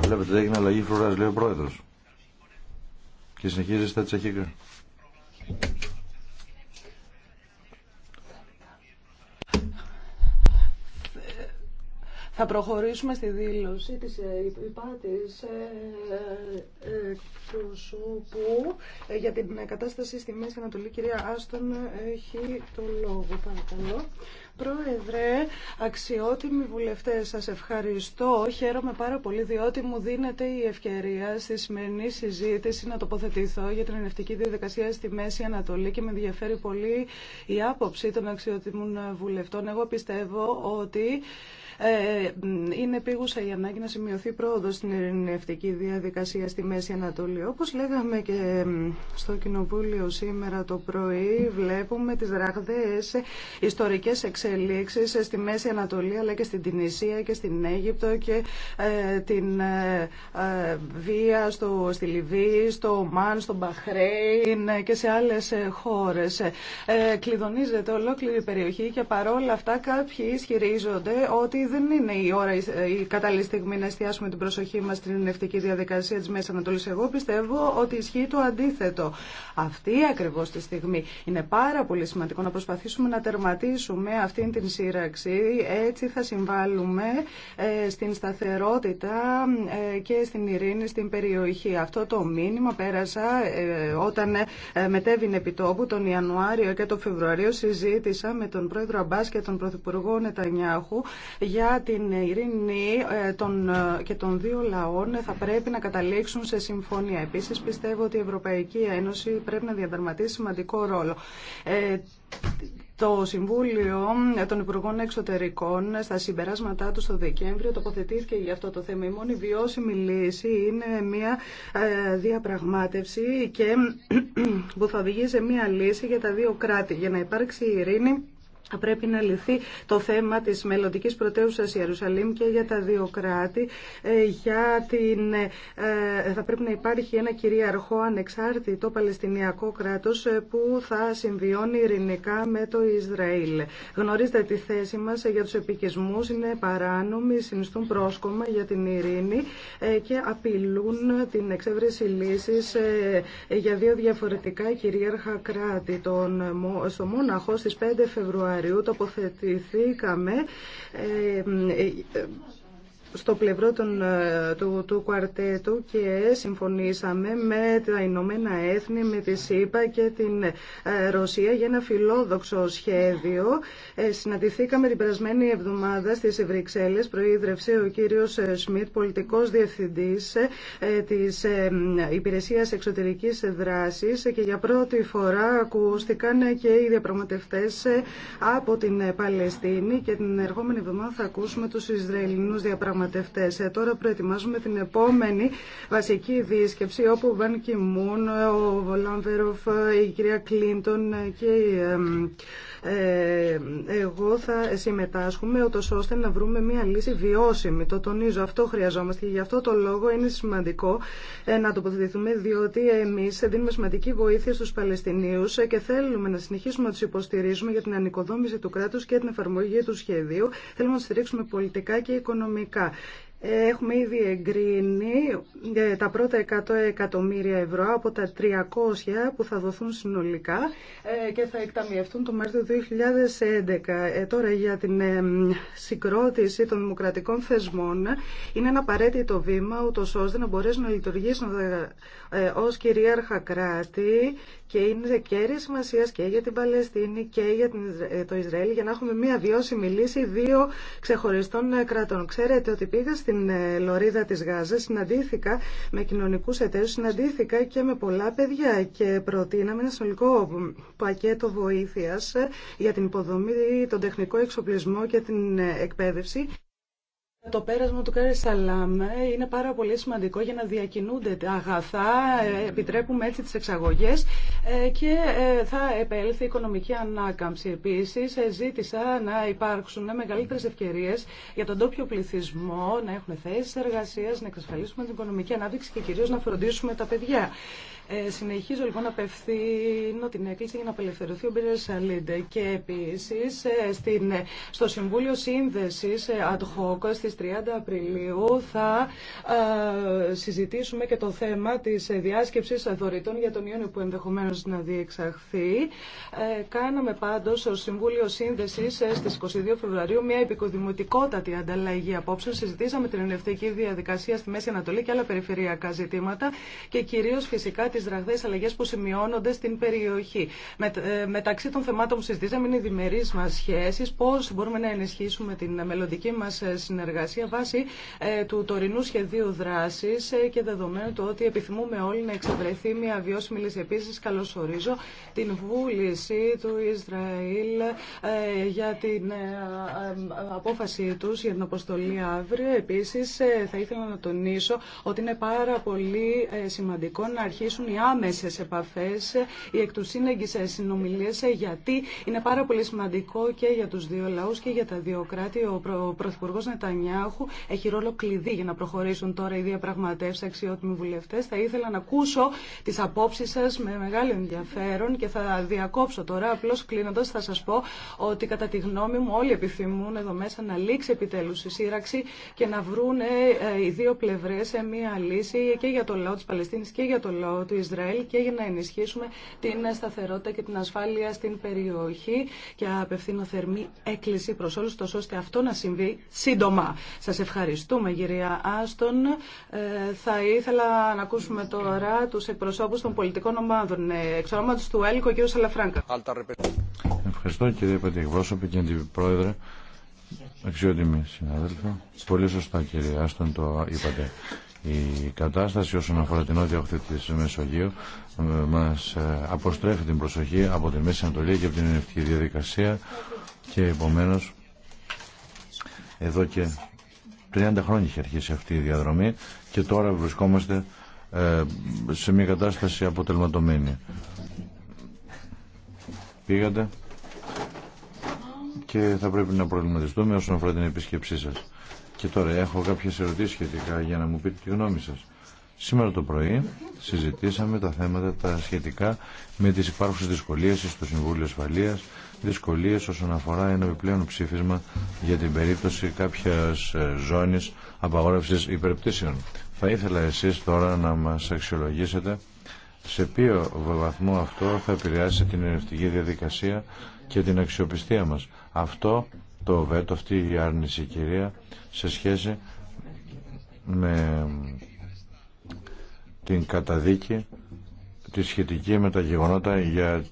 Βλέπετε έγινε αλλαγή φρουράς λέει ο πρόεδρος. Και συνεχίζει στα τσεχικά. Θα προχωρήσουμε στη δήλωση της ε, υπάτης ε, ε, προσώπου για την κατάσταση στη Μέση Ανατολή. Κυρία Άστον έχει το λόγο. Παρακαλώ. Πρόεδρε, αξιότιμοι βουλευτές, σας ευχαριστώ. Χαίρομαι πάρα πολύ διότι μου δίνεται η ευκαιρία στη σημερινή συζήτηση να τοποθετηθώ για την ενευτική διαδικασία στη Μέση Ανατολή και με ενδιαφέρει πολύ η άποψη των αξιότιμων βουλευτών. Εγώ πιστεύω ότι ε, είναι επίγουσα η ανάγκη να σημειωθεί πρόοδο στην ειρηνευτική διαδικασία στη Μέση Ανατολή. Όπω λέγαμε και στο Κοινοβούλιο σήμερα το πρωί, βλέπουμε τι ραγδαίε ιστορικές εξελίξεις στη Μέση Ανατολή αλλά και στην Τινησία και στην Αίγυπτο και ε, την ε, βία στο, στη Λιβύη, στο Μάν, στο Μπαχρέιν και σε άλλε χώρε. κλειδονίζεται ολόκληρη η περιοχή και παρόλα αυτά κάποιοι ισχυρίζονται ότι δεν είναι η ώρα, η κατάλληλη στιγμή να εστιάσουμε την προσοχή μα στην ειρηνευτική διαδικασία τη Μέση Ανατολή. Εγώ πιστεύω ότι ισχύει το αντίθετο. Αυτή ακριβώ τη στιγμή είναι πάρα πολύ σημαντικό να προσπαθήσουμε να τερματίσουμε αυτήν την σύραξη. Έτσι θα συμβάλλουμε ε, στην σταθερότητα ε, και στην ειρήνη στην περιοχή. Αυτό το μήνυμα πέρασα ε, όταν μετέβηνε επιτόπου τον Ιανουάριο και τον Φεβρουαρίο συζήτησα με τον πρόεδρο Αμπά και τον πρωθυπουργό Νετανιάχου για την ειρήνη ε, ε, και των δύο λαών θα πρέπει να καταλήξουν σε συμφωνία. Επίσης πιστεύω ότι η Ευρωπαϊκή Ένωση πρέπει να διαδραματίσει σημαντικό ρόλο. Ε, το Συμβούλιο των Υπουργών Εξωτερικών στα συμπεράσματά του στο Δεκέμβριο τοποθετήθηκε για αυτό το θέμα. Η μόνη βιώσιμη λύση είναι μια διαπραγμάτευση και που θα οδηγεί σε μια λύση για τα δύο κράτη. Για να υπάρξει ειρήνη θα πρέπει να λυθεί το θέμα της μελλοντική πρωτεύουσα Ιερουσαλήμ και για τα δύο κράτη. Ε, για την, ε, ε, θα πρέπει να υπάρχει ένα κυριαρχό ανεξάρτητο Παλαιστινιακό κράτος που θα συμβιώνει ειρηνικά με το Ισραήλ. Γνωρίζετε τη θέση μας για τους επικισμούς, είναι παράνομοι, συνιστούν πρόσκομα για την ειρήνη και απειλούν την εξέβρεση λύσης για δύο διαφορετικά κυρίαρχα κράτη. Τον, στο Μόναχο 5 Φεβρουαρίου τοποθετηθήκαμε ε, ε, στο πλευρό των, ε, του, του κουαρτέτου και συμφωνήσαμε με τα Ηνωμένα Έθνη, με τη ΣΥΠΑ και την ε, Ρωσία για ένα φιλόδοξο σχέδιο. Ε, συναντηθήκαμε την περασμένη εβδομάδα στις Βρυξέλλες. Προείδρευσε ο κύριος ε, Σμιτ, πολιτικός διευθυντής της ε, Υπηρεσίας Εξωτερικής Δράσης και για πρώτη φορά ακούστηκαν και οι διαπραγματευτές από την Παλαιστίνη και την ερχόμενη εβδομάδα θα ακούσουμε τους Ισραηλινούς διαπραγματευτές ε, τώρα προετοιμάζουμε την επόμενη βασική δίσκεψη όπου ο Βαν Κιμούν, ο Βολάνβεροφ, η κυρία Κλίντον και ε, εγώ θα συμμετάσχουμε ούτως ώστε να βρούμε μια λύση βιώσιμη. Το τονίζω, αυτό χρειαζόμαστε και γι' αυτό το λόγο είναι σημαντικό ε, να τοποθετηθούμε διότι εμείς δίνουμε σημαντική βοήθεια στους Παλαιστινίους και θέλουμε να συνεχίσουμε να τους υποστηρίζουμε για την ανοικοδόμηση του κράτους και την εφαρμογή του σχεδίου. Θέλουμε να στηρίξουμε πολιτικά και οικονομικά. Έχουμε ήδη εγκρίνει ε, τα πρώτα 100 εκατομμύρια ευρώ από τα 300 που θα δοθούν συνολικά ε, και θα εκταμιευτούν το Μάρτιο 2011. Ε, τώρα για την συγκρότηση των δημοκρατικών θεσμών είναι ένα απαραίτητο βήμα ούτως ώστε να μπορέσουν να λειτουργήσουν ως κυρίαρχα κράτη και είναι κέρια σημασία και για την Παλαιστίνη και για ε, το Ισραήλ για να έχουμε μία βιώσιμη λύση δύο ξεχωριστών ε, κρατών. Ξέρετε ότι πήγα στην ε, Λωρίδα της Γάζας, συναντήθηκα με κοινωνικούς εταίρους, συναντήθηκα και με πολλά παιδιά και προτείναμε ένα συνολικό πακέτο βοήθειας για την υποδομή, τον τεχνικό εξοπλισμό και την εκπαίδευση. Το πέρασμα του Κάρι Σαλάμ είναι πάρα πολύ σημαντικό για να διακινούνται τα αγαθά, ε, επιτρέπουμε έτσι τις εξαγωγές ε, και ε, θα επέλθει η οικονομική ανάκαμψη. Επίσης, ζήτησα να υπάρξουν μεγαλύτερες ευκαιρίες για τον τόπιο πληθυσμό, να έχουν θέσεις εργασίας, να εξασφαλίσουμε την οικονομική ανάπτυξη και κυρίως να φροντίσουμε τα παιδιά. συνεχίζω λοιπόν να απευθύνω την έκκληση για να απελευθερωθεί ο Μπίρες Σαλίντε και επίσης στην, στο Συμβούλιο Σύνδεσης ad hoc, στη στις 30 Απριλίου θα ε, συζητήσουμε και το θέμα της διάσκεψης αδωρητών για τον Ιούνιο που ενδεχομένως να διεξαχθεί. Ε, κάναμε πάντως στο Συμβούλιο Σύνδεσης ε, στις 22 Φεβρουαρίου μια επικοδημοτικότατη ανταλλαγή απόψεων. Συζητήσαμε την ενευτική διαδικασία στη Μέση Ανατολή και άλλα περιφερειακά ζητήματα και κυρίως φυσικά τις δραχτέ αλλαγές που σημειώνονται στην περιοχή. Με, μεταξύ των θεμάτων που συζητήσαμε είναι οι διμερείς μας σχέσεις, πώς μπορούμε να ενισχύσουμε την μελλοντική μας συνεργασία συνεργασία βάσει ε, του τωρινού σχεδίου δράση ε, και δεδομένου του ότι επιθυμούμε όλοι να εξευρεθεί μια βιώσιμη λύση. Επίση, καλωσορίζω την βούληση του Ισραήλ ε, για την απόφαση του για την αποστολή αύριο. Επίση, θα ήθελα να τονίσω ότι είναι πάρα πολύ σημαντικό να αρχίσουν οι άμεσε επαφέ, οι εκ του σύνεγγυ συνομιλίε, γιατί είναι πάρα πολύ σημαντικό και για του δύο λαού και για τα δύο κράτη. Ο Πρωθυπουργό Νετανιά Νετανιάχου έχει ρόλο κλειδί για να προχωρήσουν τώρα οι διαπραγματεύσει αξιότιμοι βουλευτέ. Θα ήθελα να ακούσω τι απόψει σα με μεγάλο ενδιαφέρον και θα διακόψω τώρα. Απλώ κλείνοντα, θα σα πω ότι κατά τη γνώμη μου όλοι επιθυμούν εδώ μέσα να λήξει επιτέλου η σύραξη και να βρούνε ε, οι δύο πλευρέ σε μία λύση και για το λαό τη Παλαιστίνη και για το λαό του Ισραήλ και για να ενισχύσουμε την σταθερότητα και την ασφάλεια στην περιοχή. Και απευθύνω θερμή έκκληση προ όλου, ώστε αυτό να συμβεί σύντομα. Σας ευχαριστούμε κυρία Άστον. Ε, θα ήθελα να ακούσουμε τώρα τους εκπροσώπους των πολιτικών ομάδων. Ε, εξ ονόματος του ΕΛΚΟ, κύριο Σαλαφράγκα. Ευχαριστώ κύριε Πατηγβόσοπη και αντιπρόεδρε. Αξιότιμη συναδέλφα, πολύ σωστά κύριε Άστον το είπατε. Η κατάσταση όσον αφορά την νότια όχθη της Μεσογείου ε, μας αποστρέφει την προσοχή από τη Μέση Ανατολή και από την ενευτική διαδικασία και επομένως εδώ και 30 χρόνια είχε αρχίσει αυτή η διαδρομή και τώρα βρισκόμαστε ε, σε μια κατάσταση αποτελματωμένη. Πήγατε και θα πρέπει να προβληματιστούμε όσον αφορά την επίσκεψή σας. Και τώρα έχω κάποιες ερωτήσεις σχετικά για να μου πείτε τη γνώμη σας. Σήμερα το πρωί συζητήσαμε τα θέματα τα σχετικά με τις υπάρχουσες δυσκολίες στο Συμβούλιο Ασφαλείας δυσκολίες όσον αφορά ένα επιπλέον ψήφισμα για την περίπτωση κάποιας ε, ζώνης απαγόρευσης υπερπτήσεων. Θα ήθελα εσείς τώρα να μας αξιολογήσετε σε ποιο βαθμό αυτό θα επηρεάσει την ενευτική διαδικασία και την αξιοπιστία μας. Αυτό το βέτο, αυτή η άρνηση κυρία σε σχέση με την καταδίκη τη σχετική με τα γεγονότα για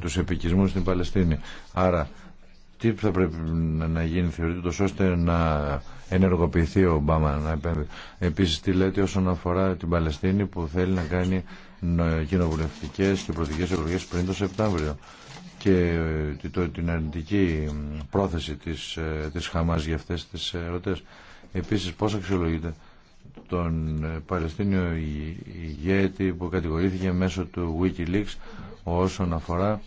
τους επικισμούς στην Παλαιστίνη. Άρα, τι θα πρέπει να γίνει θεωρείτε ώστε να ενεργοποιηθεί ο Ομπάμα να επέμβει. Επίσης τι λέτε όσον αφορά την Παλαιστίνη που θέλει να κάνει κοινοβουλευτικές και προεδρικές εκλογές πριν το Σεπτέμβριο και ε, την αρνητική πρόθεση της, ε, της Χαμάς για αυτές τις ερωτές. Επίσης πώς αξιολογείται τον Παλαιστίνιο ηγέτη που κατηγορήθηκε μέσω του Wikileaks όσον αφορά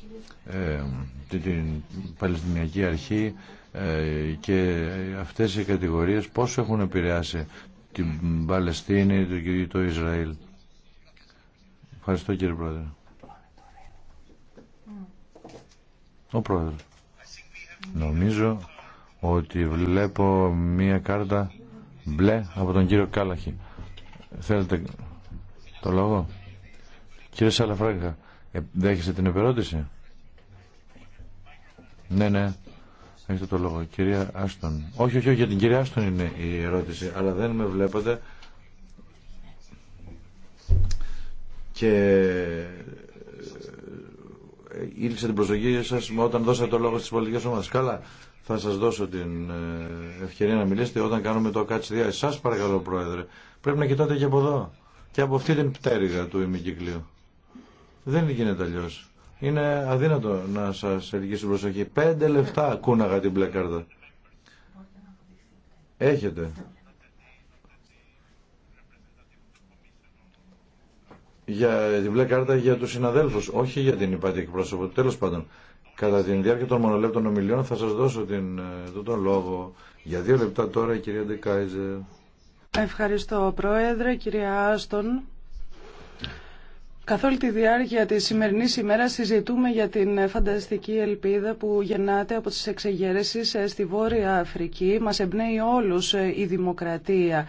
ε, την Παλαιστινιακή Αρχή ε, και αυτές οι κατηγορίες πόσο έχουν επηρεάσει την Παλαιστίνη και το Ισραήλ. Ευχαριστώ κύριε Πρόεδρε. Ο Πρόεδρος. Νομίζω ότι βλέπω μία κάρτα μπλε από τον κύριο Κάλαχη. Θέλετε το λόγο. Κύριε Σαλαφράγκα, ε, δέχεστε την επερώτηση. Ναι, ναι. Έχετε το λόγο. Κυρία Άστον. Όχι, όχι, όχι, για την κυρία Άστον είναι η ερώτηση, αλλά δεν με βλέπετε. Και ε, ε, ήλξε την προσοχή σας όταν δώσατε το λόγο στις πολιτικές ομάδες. Καλά, θα σας δώσω την ε, ευκαιρία να μιλήσετε όταν κάνουμε το διά. Σας παρακαλώ Πρόεδρε, πρέπει να κοιτάτε και από εδώ και από αυτή την πτέρυγα του ημικυκλίου. Δεν γίνεται αλλιώ. Είναι αδύνατο να σας ελκύσει προσοχή. Πέντε λεφτά κούναγα την μπλε κάρτα. Έχετε. Για την μπλε κάρτα για τους συναδέλφους, όχι για την υπάτη εκπρόσωπο. Τέλος πάντων, Κατά την διάρκεια των μονολέπτων ομιλιών θα σας δώσω την, ε, τον, τον λόγο. Για δύο λεπτά τώρα η κυρία Ντεκάιζε. Ευχαριστώ Πρόεδρε, κυρία Άστον. Καθ' όλη τη διάρκεια της σημερινής ημέρας συζητούμε για την ε, φανταστική ελπίδα που γεννάται από τις εξεγέρεσεις ε, στη Βόρεια Αφρική. Μας εμπνέει όλους η δημοκρατία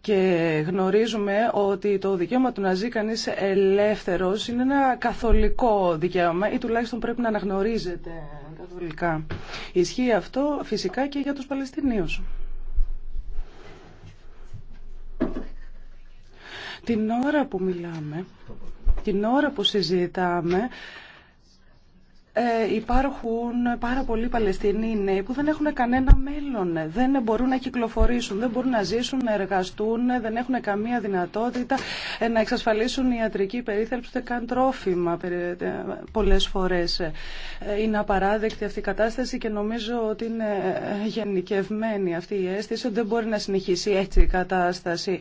και γνωρίζουμε ότι το δικαίωμα του να ζει κανείς ελεύθερο είναι ένα καθολικό δικαίωμα ή τουλάχιστον πρέπει να αναγνωρίζεται καθολικά. Ισχύει αυτό φυσικά και για τους Παλαιστινίους. Την ώρα που μιλάμε, την ώρα που συζητάμε, ε, υπάρχουν πάρα πολλοί Παλαιστινοί νέοι που δεν έχουν κανένα μέλλον, δεν μπορούν να κυκλοφορήσουν, δεν μπορούν να ζήσουν, να εργαστούν, δεν έχουν καμία δυνατότητα ε, να εξασφαλίσουν ιατρική περίθαλψη, ούτε καν τρόφιμα ε, πολλές φορές. Είναι απαράδεκτη αυτή η κατάσταση και νομίζω ότι είναι γενικευμένη αυτή η αίσθηση ότι δεν μπορεί να συνεχίσει έτσι η κατάσταση.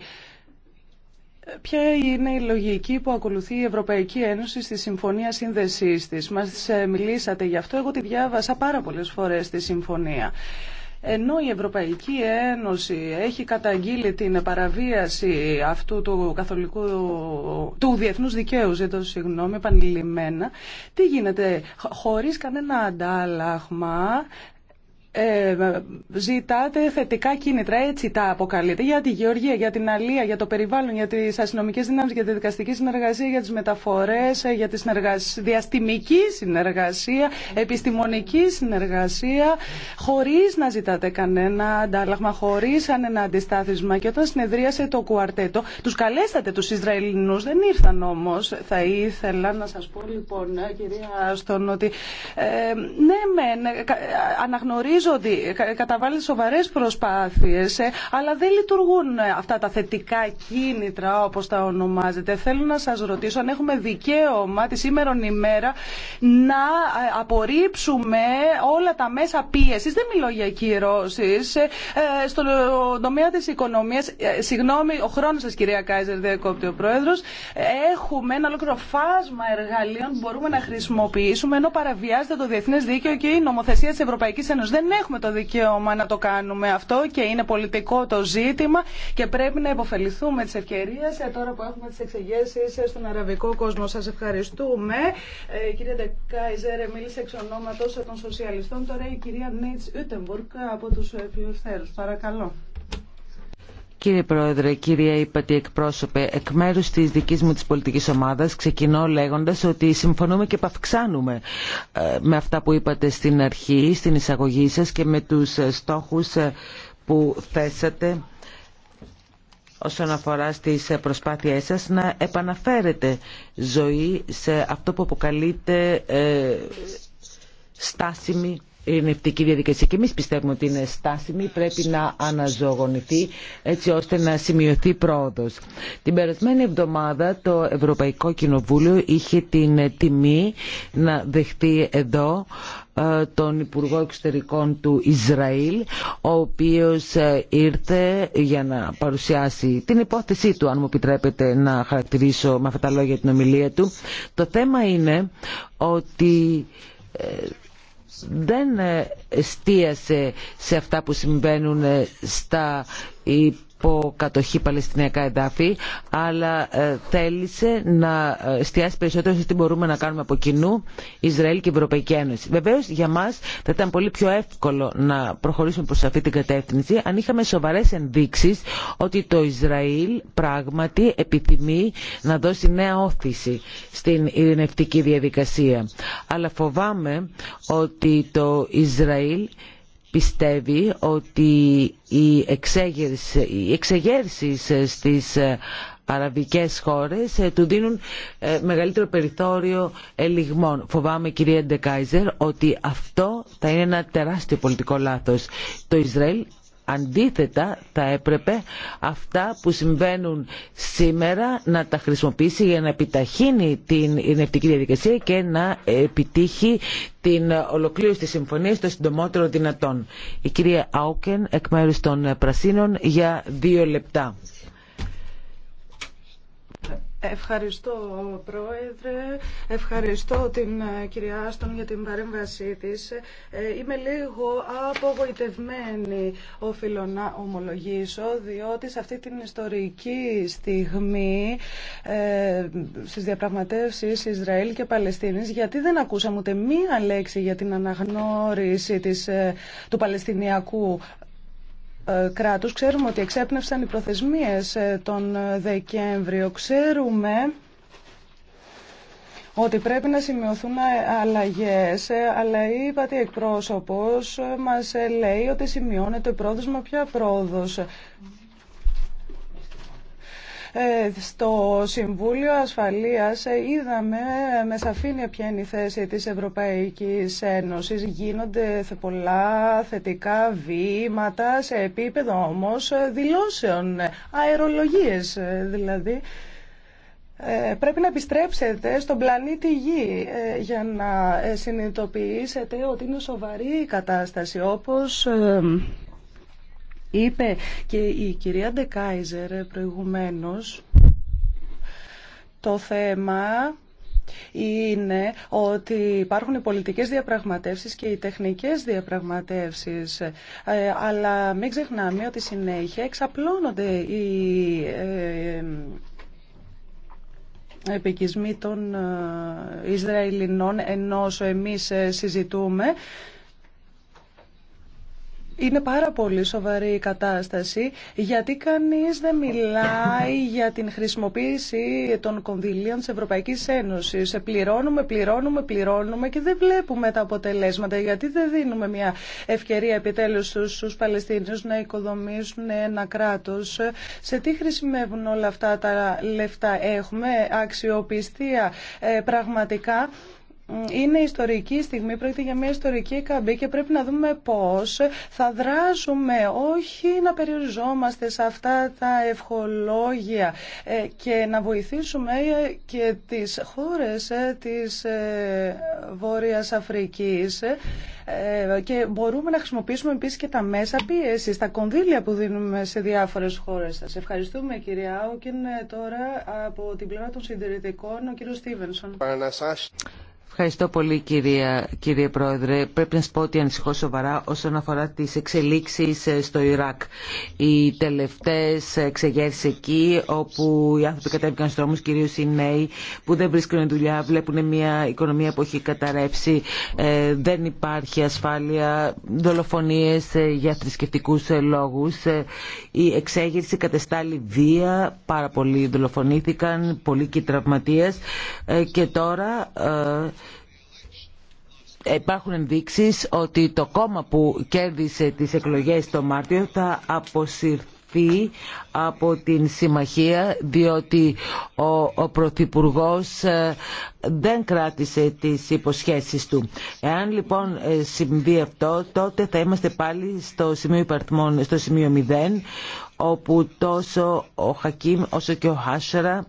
Ποια είναι η λογική που ακολουθεί η Ευρωπαϊκή Ένωση στη Συμφωνία Σύνδεσής της. Μας ε, μιλήσατε γι' αυτό, εγώ τη διάβασα πάρα πολλές φορές τη Συμφωνία. Ενώ η Ευρωπαϊκή Ένωση έχει καταγγείλει την παραβίαση αυτού του καθολικού, του διεθνούς δικαίου, ζητώ συγγνώμη, επανειλημμένα, τι γίνεται, χωρίς κανένα αντάλλαγμα ε, ζητάτε θετικά κίνητρα, έτσι τα αποκαλείτε, για τη γεωργία, για την αλία, για το περιβάλλον, για τις αστυνομικές δυνάμεις, για τη δικαστική συνεργασία, για τις μεταφορές, ε, για τη διαστημική συνεργασία, επιστημονική συνεργασία, χωρίς να ζητάτε κανένα αντάλλαγμα, χωρίς ένα αντιστάθισμα. Και όταν συνεδρίασε το κουαρτέτο, τους καλέσατε τους Ισραηλινούς, δεν ήρθαν όμως. Θα ήθελα να σας πω λοιπόν, ε, κυρία Άστον, ότι ε, ναι, αναγνωρίζω ότι καταβάλλει σοβαρές προσπάθειες, ε, αλλά δεν λειτουργούν αυτά τα θετικά κίνητρα όπως τα ονομάζετε. Θέλω να σας ρωτήσω αν έχουμε δικαίωμα τη σήμερα ημέρα να ε, απορρίψουμε όλα τα μέσα πίεσης, δεν μιλώ για κυρώσεις, ε, στον τομέα της οικονομίας, συγγνώμη, ο χρόνος σας κυρία Κάιζερ διακόπτει ο Πρόεδρος, έχουμε ένα ολόκληρο φάσμα εργαλείων που μπορούμε να χρησιμοποιήσουμε ενώ παραβιάζεται το διεθνές δίκαιο και η νομοθεσία της Ευρωπαϊκής Ένωσης έχουμε το δικαίωμα να το κάνουμε αυτό και είναι πολιτικό το ζήτημα και πρέπει να υποφεληθούμε τη ευκαιρία ε, τώρα που έχουμε τι εξεγέρσει ε, στον αραβικό κόσμο. Σα ευχαριστούμε. Ε, κυρία Ντεκάιζερ, μίλησε εξ ονόματο των σοσιαλιστών. Τώρα η κυρία Νίτ Ούτεμπουργκ από του φιλελευθέρου. Παρακαλώ. Κύριε Πρόεδρε, κύριε Ήπατη εκπρόσωπε, εκ μέρου τη δική μου τη πολιτική ομάδα ξεκινώ λέγοντα ότι συμφωνούμε και επαυξάνουμε ε, με αυτά που είπατε στην αρχή, στην εισαγωγή σα και με του ε, στόχου ε, που θέσατε όσον αφορά στις προσπάθειές σας να επαναφέρετε ζωή σε αυτό που αποκαλείται στάσιμη ειρηνευτική διαδικασία και εμείς πιστεύουμε ότι είναι στάσιμη, πρέπει να αναζωογονηθεί έτσι ώστε να σημειωθεί πρόοδος. Την περασμένη εβδομάδα το Ευρωπαϊκό Κοινοβούλιο είχε την τιμή να δεχτεί εδώ ε, τον Υπουργό Εξωτερικών του Ισραήλ ο οποίος ε, ήρθε για να παρουσιάσει την υπόθεσή του αν μου επιτρέπετε να χαρακτηρίσω με αυτά τα λόγια την ομιλία του. Το θέμα είναι ότι ε, δεν ε, εστίασε σε αυτά που συμβαίνουν ε, στα υποκατοχή Παλαιστινιακά εδάφη, αλλά ε, θέλησε να εστιάσει περισσότερο σε τι μπορούμε να κάνουμε από κοινού Ισραήλ και Ευρωπαϊκή Ένωση. Βεβαίως για μας θα ήταν πολύ πιο εύκολο να προχωρήσουμε προς αυτή την κατεύθυνση αν είχαμε σοβαρές ενδείξεις ότι το Ισραήλ πράγματι επιθυμεί να δώσει νέα όθηση στην ειρηνευτική διαδικασία. Αλλά φοβάμαι ότι το Ισραήλ πιστεύει ότι οι εξεγέρσεις στις ε, αραβικές χώρες ε, του δίνουν ε, μεγαλύτερο περιθώριο ελιγμών. Φοβάμαι κυρία Ντεκάιζερ ότι αυτό θα είναι ένα τεράστιο πολιτικό λάθος. Το Ισραήλ Αντίθετα θα έπρεπε αυτά που συμβαίνουν σήμερα να τα χρησιμοποιήσει για να επιταχύνει την ειρηνευτική διαδικασία και να επιτύχει την ολοκλήρωση της συμφωνίας το συντομότερο δυνατόν. Η κυρία Άουκεν εκ μέρους των Πρασίνων για δύο λεπτά. Ευχαριστώ, Πρόεδρε. Ευχαριστώ την ε, κυρία Άστον για την παρέμβασή της. Ε, είμαι λίγο απογοητευμένη, οφείλω να ομολογήσω, διότι σε αυτή την ιστορική στιγμή ε, στις διαπραγματεύσεις Ισραήλ και Παλαιστίνης, γιατί δεν ακούσαμε ούτε μία λέξη για την αναγνώριση της, ε, του Παλαιστινιακού ε, κράτους. Ξέρουμε ότι εξέπνευσαν οι προθεσμίες ε, τον ε, Δεκέμβριο. Ξέρουμε ότι πρέπει να σημειωθούν αλλαγές, αλλά η είπατε εκπρόσωπος μας λέει ότι σημειώνεται πρόδοσμα μα ποια πρόοδος. Ε, στο Συμβούλιο Ασφαλείας ε, είδαμε με σαφήνεια ποια είναι η θέση της Ευρωπαϊκής Ένωσης. Γίνονται πολλά θετικά βήματα σε επίπεδο όμως δηλώσεων, αερολογίες ε, δηλαδή. Πρέπει να επιστρέψετε στον πλανήτη Γη για να συνειδητοποιήσετε ότι είναι σοβαρή η κατάσταση όπως είπε και η κυρία Ντεκάιζερ προηγουμένως το θέμα είναι ότι υπάρχουν οι πολιτικές διαπραγματεύσεις και οι τεχνικές διαπραγματεύσεις ε, αλλά μην ξεχνάμε ότι συνέχεια εξαπλώνονται οι ε, επικισμοί των ε, Ισραηλινών ενώ εμείς συζητούμε είναι πάρα πολύ σοβαρή η κατάσταση γιατί κανείς δεν μιλάει για την χρησιμοποίηση των κονδυλίων της Ευρωπαϊκής Ένωσης. Ε, πληρώνουμε, πληρώνουμε, πληρώνουμε και δεν βλέπουμε τα αποτελέσματα γιατί δεν δίνουμε μια ευκαιρία επιτέλους στους Παλαιστίνιους να οικοδομήσουν ένα κράτος. Σε τι χρησιμεύουν όλα αυτά τα λεφτά. Έχουμε αξιοπιστία ε, πραγματικά είναι ιστορική στιγμή, πρόκειται για μια ιστορική καμπή και πρέπει να δούμε πώς θα δράσουμε, όχι να περιοριζόμαστε σε αυτά τα ευχολόγια ε, και να βοηθήσουμε ε, και τις χώρες ε, της Βόρειας Αφρικής και μπορούμε να χρησιμοποιήσουμε επίση και τα μέσα πίεση, τα κονδύλια που δίνουμε σε διάφορες χώρες. σα. ευχαριστούμε κυρία Άουκεν. Τώρα από την πλευρά των συντηρητικών ο κύριο Στίβενσον. Ευχαριστώ πολύ κυρία, κύριε Πρόεδρε. Πρέπει να σας πω ότι ανησυχώ σοβαρά όσον αφορά τις εξελίξεις ε, στο Ιράκ. Οι τελευταίες εξεγέρσεις εκεί όπου οι άνθρωποι κατέβηκαν στους δρόμους, κυρίως οι νέοι που δεν βρίσκουν δουλειά, βλέπουν μια οικονομία που έχει καταρρεύσει, ε, δεν υπάρχει ασφάλεια, δολοφονίες ε, για θρησκευτικού λόγους. Η εξέγερση κατεστάλλει βία, πάρα πολλοί δολοφονήθηκαν, πολλοί και τραυματίες και τώρα υπάρχουν ενδείξεις ότι το κόμμα που κέρδισε τις εκλογές το Μάρτιο θα αποσυρθεί από την συμμαχία διότι ο, ο Πρωθυπουργό ε, δεν κράτησε τις υποσχέσεις του. Εάν λοιπόν ε, συμβεί αυτό τότε θα είμαστε πάλι στο σημείο, υπαρθμών, στο σημείο 0 όπου τόσο ο Χακίμ όσο και ο Χάσσαρα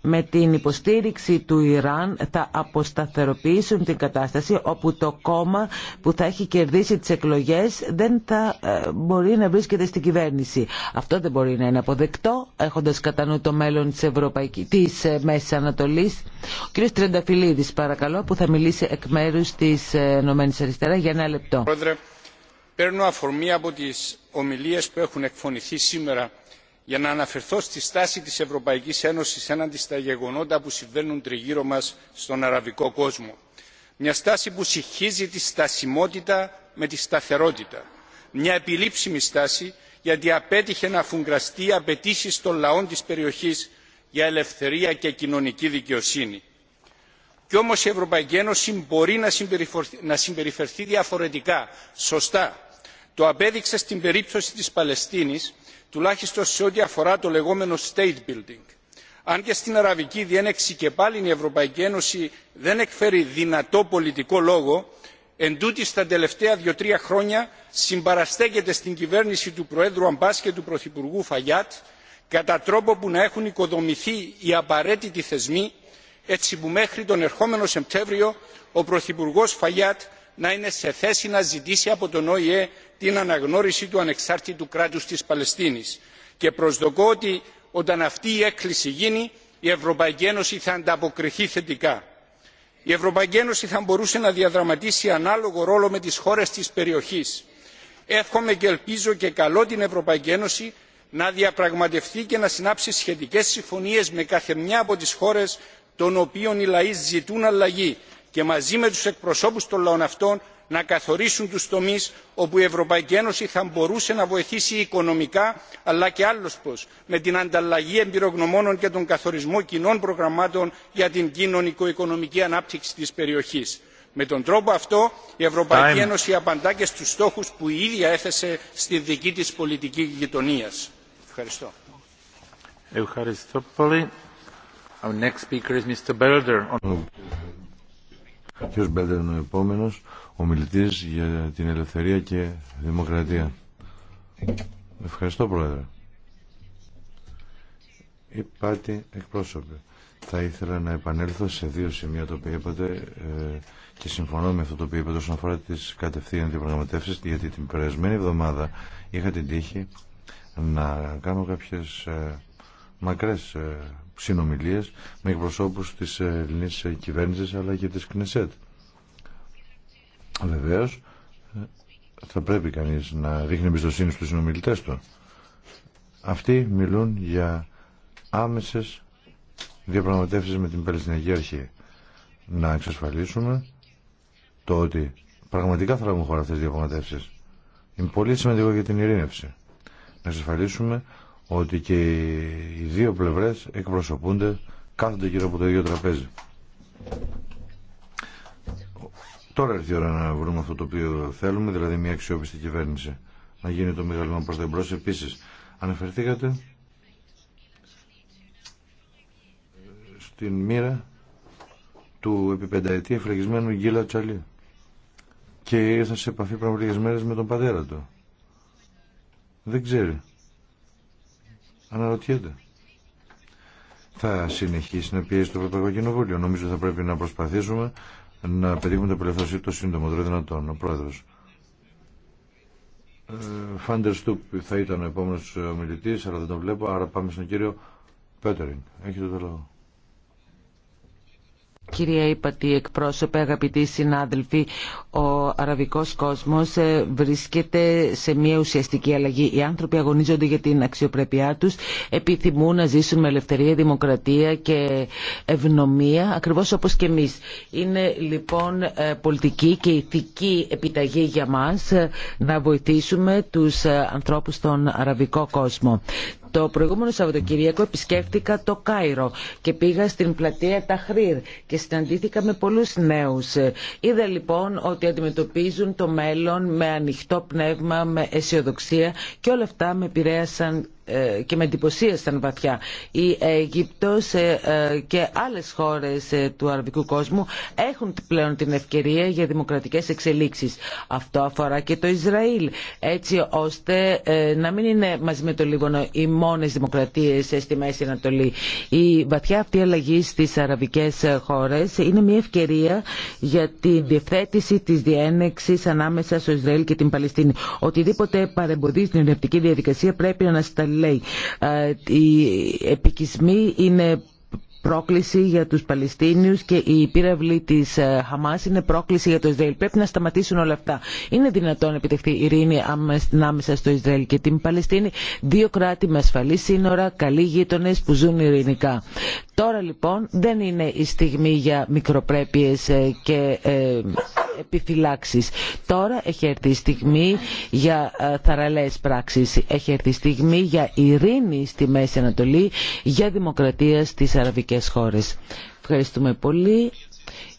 με την υποστήριξη του Ιράν θα αποσταθεροποιήσουν την κατάσταση όπου το κόμμα που θα έχει κερδίσει τις εκλογές δεν θα ε, μπορεί να βρίσκεται στην κυβέρνηση. Αυτό δεν μπορεί να είναι αποδεκτό έχοντας κατά νου το μέλλον της, Ευρωπαϊκής, της ε, Μέσης Ανατολής. Ο κ. Τρενταφυλλίδης παρακαλώ που θα μιλήσει εκ μέρου της ΕΕ για ένα λεπτό. Πρόεδρε, παίρνω αφορμή από τις ομιλίες που έχουν εκφωνηθεί σήμερα για να αναφερθώ στη στάση της Ευρωπαϊκής Ένωσης έναντι στα γεγονότα που συμβαίνουν τριγύρω μας στον αραβικό κόσμο. Μια στάση που συχίζει τη στασιμότητα με τη σταθερότητα. Μια επιλείψιμη στάση γιατί απέτυχε να αφουγκραστεί οι απαιτήσει των λαών της περιοχής για ελευθερία και κοινωνική δικαιοσύνη. Κι όμως η Ευρωπαϊκή Ένωση μπορεί να συμπεριφερθεί διαφορετικά, σωστά. Το απέδειξε στην περίπτωση της Παλαιστίνης τουλάχιστον σε ό,τι αφορά το λεγόμενο state building. Αν και στην αραβική διένεξη και πάλι η Ευρωπαϊκή Ένωση δεν εκφέρει δυνατό πολιτικό λόγο, εν τα τελευταία δύο-τρία χρόνια συμπαραστέκεται στην κυβέρνηση του Προέδρου Αμπάς και του Πρωθυπουργού Φαγιάτ κατά τρόπο που να έχουν οικοδομηθεί οι απαραίτητοι θεσμοί έτσι που μέχρι τον ερχόμενο Σεπτέμβριο ο Πρωθυπουργό Φαγιάτ να είναι σε θέση να ζητήσει από τον οηε την αναγνώριση του ανεξάρτητου κράτους της παλαιστίνης και προσδοκώ ότι όταν αυτή η έκκληση γίνει η ευρωπαϊκή ένωση θα ανταποκριθεί θετικά. η ευρωπαϊκή ένωση θα μπορούσε να διαδραματίσει ανάλογο ρόλο με τις χώρες της περιοχής. εύχομαι και ελπίζω και καλώ την ευρωπαϊκή ένωση να διαπραγματευτεί και να συνάψει σχετικές συμφωνίες με κάθε μια από τις χώρες των οποίων οι λαοί ζητούν αλλαγή και μαζί με τους εκπροσώπους των λαών αυτών να καθορίσουν τους τομείς όπου η ευρωπαϊκή ένωση θα μπορούσε να βοηθήσει οικονομικά αλλά και άλλως πως με την ανταλλαγή εμπειρογνωμόνων και τον καθορισμό κοινών προγραμμάτων για την κοινωνικο οικονομική ανάπτυξη της περιοχής. με τον τρόπο αυτό η ευρωπαϊκή ένωση απαντά και στους στόχους που η ίδια έθεσε στη δική της πολιτική γειτονίας. ευχαριστώ. Ο κ. ο επόμενος, ο για την ελευθερία και δημοκρατία. Ευχαριστώ, Πρόεδρε. Είπατε εκπρόσωπε. Θα ήθελα να επανέλθω σε δύο σημεία το οποίο είπατε ε, και συμφωνώ με αυτό το οποίο είπατε όσον αφορά τι κατευθείαν διαπραγματεύσει, γιατί την περασμένη εβδομάδα είχα την τύχη να κάνω κάποιε μακρέ ε, συνομιλίες με εκπροσώπους της ελληνικής κυβέρνηση αλλά και της ΚΝΕΣΕΤ. Βεβαίως θα πρέπει κανείς να δείχνει εμπιστοσύνη στους συνομιλητές του. Αυτοί μιλούν για άμεσες διαπραγματεύσεις με την Παλαιστινιακή Αρχή. Να εξασφαλίσουμε το ότι πραγματικά θα λάβουν χώρα αυτές τις διαπραγματεύσεις. Είναι πολύ σημαντικό για την ειρήνευση. Να εξασφαλίσουμε ότι και οι δύο πλευρές εκπροσωπούνται, κάθονται γύρω από το ίδιο τραπέζι. Τώρα έρθει η ώρα να βρούμε αυτό το οποίο θέλουμε, δηλαδή μια αξιόπιστη κυβέρνηση. Να γίνει το μεγαλύτερο προς τα εμπρός. Επίσης, αναφερθήκατε στην μοίρα του επιπενταετή εφραγισμένου Γκίλα Τσαλή και ήρθα σε επαφή πριν λίγες μέρες με τον πατέρα του. Δεν ξέρει Αναρωτιέται. Θα συνεχίσει να πιέσει το Ευρωπαϊκό Κοινοβούλιο. Νομίζω θα πρέπει να προσπαθήσουμε να πετύχουμε την απελευθέρωση το σύντομο Το δυνατόν. Ο πρόεδρο. Ε, Φάντερ Στούπ θα ήταν ο επόμενο ομιλητή, αλλά δεν τον βλέπω. Άρα πάμε στον κύριο Πέτερινγκ. Έχετε το λόγο. Κυρία Ήπατη, εκπρόσωπε, αγαπητοί συνάδελφοι, ο αραβικός κόσμος ε, βρίσκεται σε μια ουσιαστική αλλαγή. Οι άνθρωποι αγωνίζονται για την αξιοπρέπειά τους, επιθυμούν να ζήσουν με ελευθερία, δημοκρατία και ευνομία, ακριβώς όπως και εμείς. Είναι λοιπόν ε, πολιτική και ηθική επιταγή για μας ε, να βοηθήσουμε τους ανθρώπους στον αραβικό κόσμο. Το προηγούμενο Σαββατοκυριακό επισκέφτηκα το Κάιρο και πήγα στην πλατεία Ταχρήρ και συναντήθηκα με πολλούς νέους. Είδα λοιπόν ότι αντιμετωπίζουν το μέλλον με ανοιχτό πνεύμα, με αισιοδοξία και όλα αυτά με επηρέασαν ε, και με εντυπωσίασαν βαθιά. Η Αίγυπτος ε, ε, και άλλες χώρες του αραβικού κόσμου έχουν πλέον την ευκαιρία για δημοκρατικές εξελίξεις. Αυτό αφορά και το Ισραήλ, έτσι ώστε να μην είναι μαζί με το λίγο οι μόνες δημοκρατίες στη Μέση Ανατολή. Η βαθιά αυτή αλλαγή στις αραβικές χώρες είναι μια ευκαιρία για τη διευθέτηση της διένεξης ανάμεσα στο Ισραήλ και την Παλαιστίνη. Οτιδήποτε παρεμποδίζει την ενευτική διαδικασία πρέπει να ανασταλεί λέει ε, οι επικισμοί είναι πρόκληση για τους Παλαιστίνιους και η πύραυλη της ε, Χαμάς είναι πρόκληση για το Ισραήλ. Πρέπει να σταματήσουν όλα αυτά. Είναι δυνατόν να επιτευχθεί ειρήνη ανάμεσα στο Ισραήλ και την Παλαιστίνη. Δύο κράτη με ασφαλή σύνορα, καλοί γείτονε που ζουν ειρηνικά. Τώρα λοιπόν δεν είναι η στιγμή για μικροπρέπειες ε, και επιφυλάξεις. Τώρα έχει έρθει η στιγμή για ε, θαραλέες πράξεις. Έχει έρθει η στιγμή για ειρήνη στη Μέση Ανατολή, για δημοκρατία στις αραβικές χώρες. Ευχαριστούμε πολύ.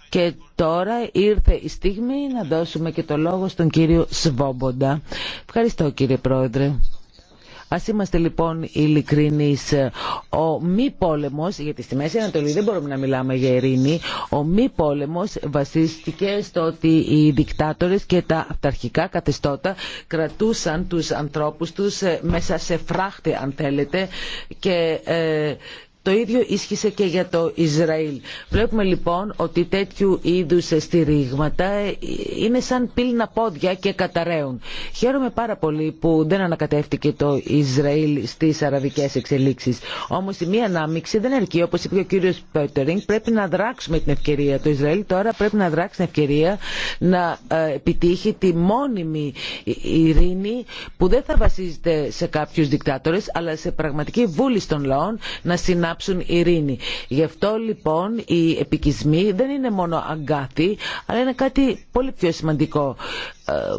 Και τώρα ήρθε η στιγμή να δώσουμε και το λόγο στον κύριο Σβόμποντα. Ευχαριστώ κύριε Πρόεδρε. Ας είμαστε λοιπόν ειλικρινείς. Ο μη πόλεμος, γιατί στη Μέση Ανατολή δεν μπορούμε να μιλάμε για ειρήνη, ο μη πόλεμος βασίστηκε στο ότι οι δικτάτορες και τα αυταρχικά καθεστώτα κρατούσαν τους ανθρώπους τους ε, μέσα σε φράχτη αν θέλετε και ε, το ίδιο ίσχυσε και για το Ισραήλ. Βλέπουμε λοιπόν ότι τέτοιου είδους στηρίγματα είναι σαν πύλνα πόδια και καταραίουν. Χαίρομαι πάρα πολύ που δεν ανακατεύτηκε το Ισραήλ στις αραβικές εξελίξεις. Όμως η μία ανάμειξη δεν αρκεί. Όπως είπε ο κύριος Πέτερινγκ, πρέπει να δράξουμε την ευκαιρία. Το Ισραήλ τώρα πρέπει να δράξει την ευκαιρία να ε, επιτύχει τη μόνιμη ειρήνη που δεν θα βασίζεται σε κάποιους δικτάτορες αλλά σε πραγματική βούληση των λαών να συνάψει ειρήνη. Γι' αυτό λοιπόν οι επικισμοί δεν είναι μόνο αγκάθι, αλλά είναι κάτι πολύ πιο σημαντικό. Ε,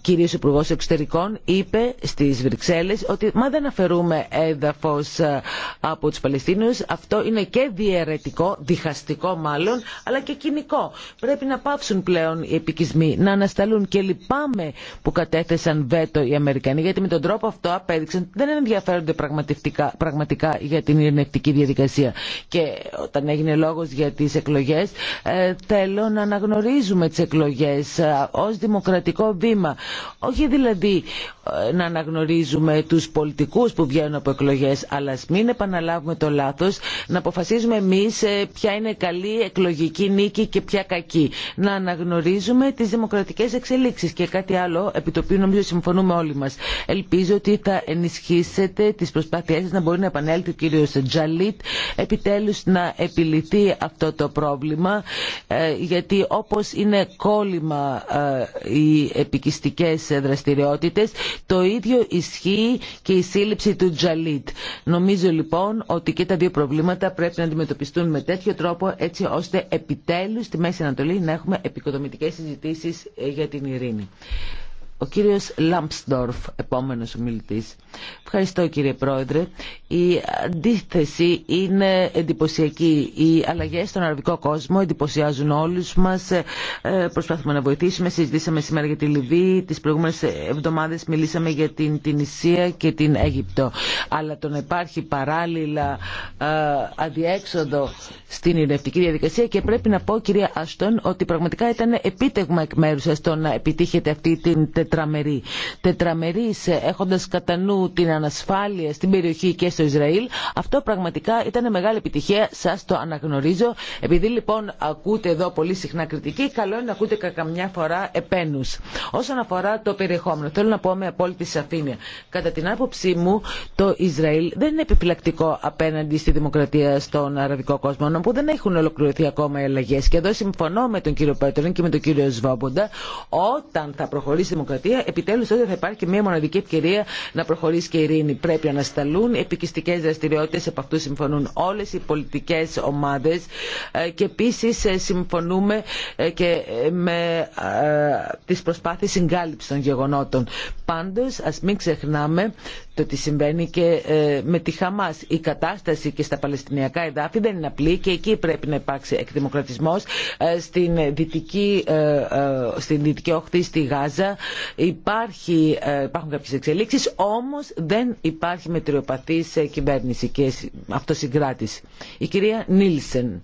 κυρίως ο Υπουργός Εξωτερικών είπε στις Βρυξέλλες ότι μα δεν αφαιρούμε έδαφος ε, από τους Παλαιστίνους Αυτό είναι και διαιρετικό, διχαστικό μάλλον, αλλά και κοινικό. Πρέπει να πάψουν πλέον οι επικισμοί, να ανασταλούν και λυπάμαι που κατέθεσαν βέτο οι Αμερικανοί, γιατί με τον τρόπο αυτό απέδειξαν ότι δεν ενδιαφέρονται πραγματικά, πραγματικά για την ειρηνευτική διαδικασία. Και όταν έγινε λόγος για τις εκλογές, ε, θέλω να αναγνωρίζουμε τις εκλογές ε, ως δημοκρατικό βήμα όχι δηλαδή ε, να αναγνωρίζουμε τους πολιτικούς που βγαίνουν από εκλογές, αλλά μην επαναλάβουμε το λάθος, να αποφασίζουμε εμείς ε, ποια είναι καλή εκλογική νίκη και ποια κακή. Να αναγνωρίζουμε τις δημοκρατικές εξελίξεις και κάτι άλλο, επί το οποίο νομίζω συμφωνούμε όλοι μας. Ελπίζω ότι θα ενισχύσετε τις προσπάθειές σας να μπορεί να επανέλθει ο κύριος Τζαλίτ, επιτέλους να επιληθεί αυτό το πρόβλημα, ε, γιατί όπως είναι κόλλημα η επικιστική σε δραστηριότητες. Το ίδιο ισχύει και η σύλληψη του Τζαλίτ. Νομίζω λοιπόν ότι και τα δύο προβλήματα πρέπει να αντιμετωπιστούν με τέτοιο τρόπο έτσι ώστε επιτέλους στη Μέση Ανατολή να έχουμε επικοδομητικές συζητήσεις ε, για την ειρήνη. Ο κύριος Λάμπστορφ, επόμενος ομιλητής. Ευχαριστώ κύριε Πρόεδρε. Η αντίθεση είναι εντυπωσιακή. Οι αλλαγές στον αραβικό κόσμο εντυπωσιάζουν όλους μας. Ε, προσπαθούμε να βοηθήσουμε. Συζητήσαμε σήμερα για τη Λιβύη. Τις προηγούμενες εβδομάδες μιλήσαμε για την, την Ισία και την Αίγυπτο. Αλλά τον να υπάρχει παράλληλα ε, αδιέξοδο στην ειρηνευτική διαδικασία και πρέπει να πω κυρία Άστον ότι πραγματικά ήταν επίτευγμα εκ μέρου σας το να επιτύχετε αυτή την τετραμερή. Τετραμερή, ε, έχοντας κατά νου την ανασφάλεια στην περιοχή και στο Ισραήλ. Αυτό πραγματικά ήταν μεγάλη επιτυχία. σα το αναγνωρίζω. Επειδή λοιπόν ακούτε εδώ πολύ συχνά κριτική, καλό είναι να ακούτε καμιά φορά επένου. Όσον αφορά το περιεχόμενο, θέλω να πω με απόλυτη σαφήνεια. Κατά την άποψή μου, το Ισραήλ δεν είναι επιφυλακτικό απέναντι στη δημοκρατία στον αραβικό κόσμο, που δεν έχουν ολοκληρωθεί ακόμα οι αλλαγέ. Και εδώ συμφωνώ με τον κύριο Πέτρον και με τον κύριο Σβόμποντα, όταν θα προχωρήσει η δημοκρατία Δημοκρατία, επιτέλου τότε θα υπάρχει και μια μοναδική ευκαιρία να προχωρήσει και η ειρήνη. Πρέπει να ανασταλούν επικιστικέ δραστηριότητε, από αυτού συμφωνούν όλε οι πολιτικέ ομάδε ε, και επίση ε, συμφωνούμε ε, και με τι προσπάθειε συγκάλυψη των γεγονότων. Πάντω, α μην ξεχνάμε το τι συμβαίνει και ε, με τη Χαμάς. Η κατάσταση και στα Παλαιστινιακά εδάφη δεν είναι απλή και εκεί πρέπει να υπάρξει εκδημοκρατισμός. Ε, στην δυτική, ε, στην δυτική όχθη στη Γάζα υπάρχει, υπάρχουν κάποιες εξελίξεις, όμως δεν υπάρχει μετριοπαθής κυβέρνηση και αυτοσυγκράτηση. Η κυρία Νίλσεν.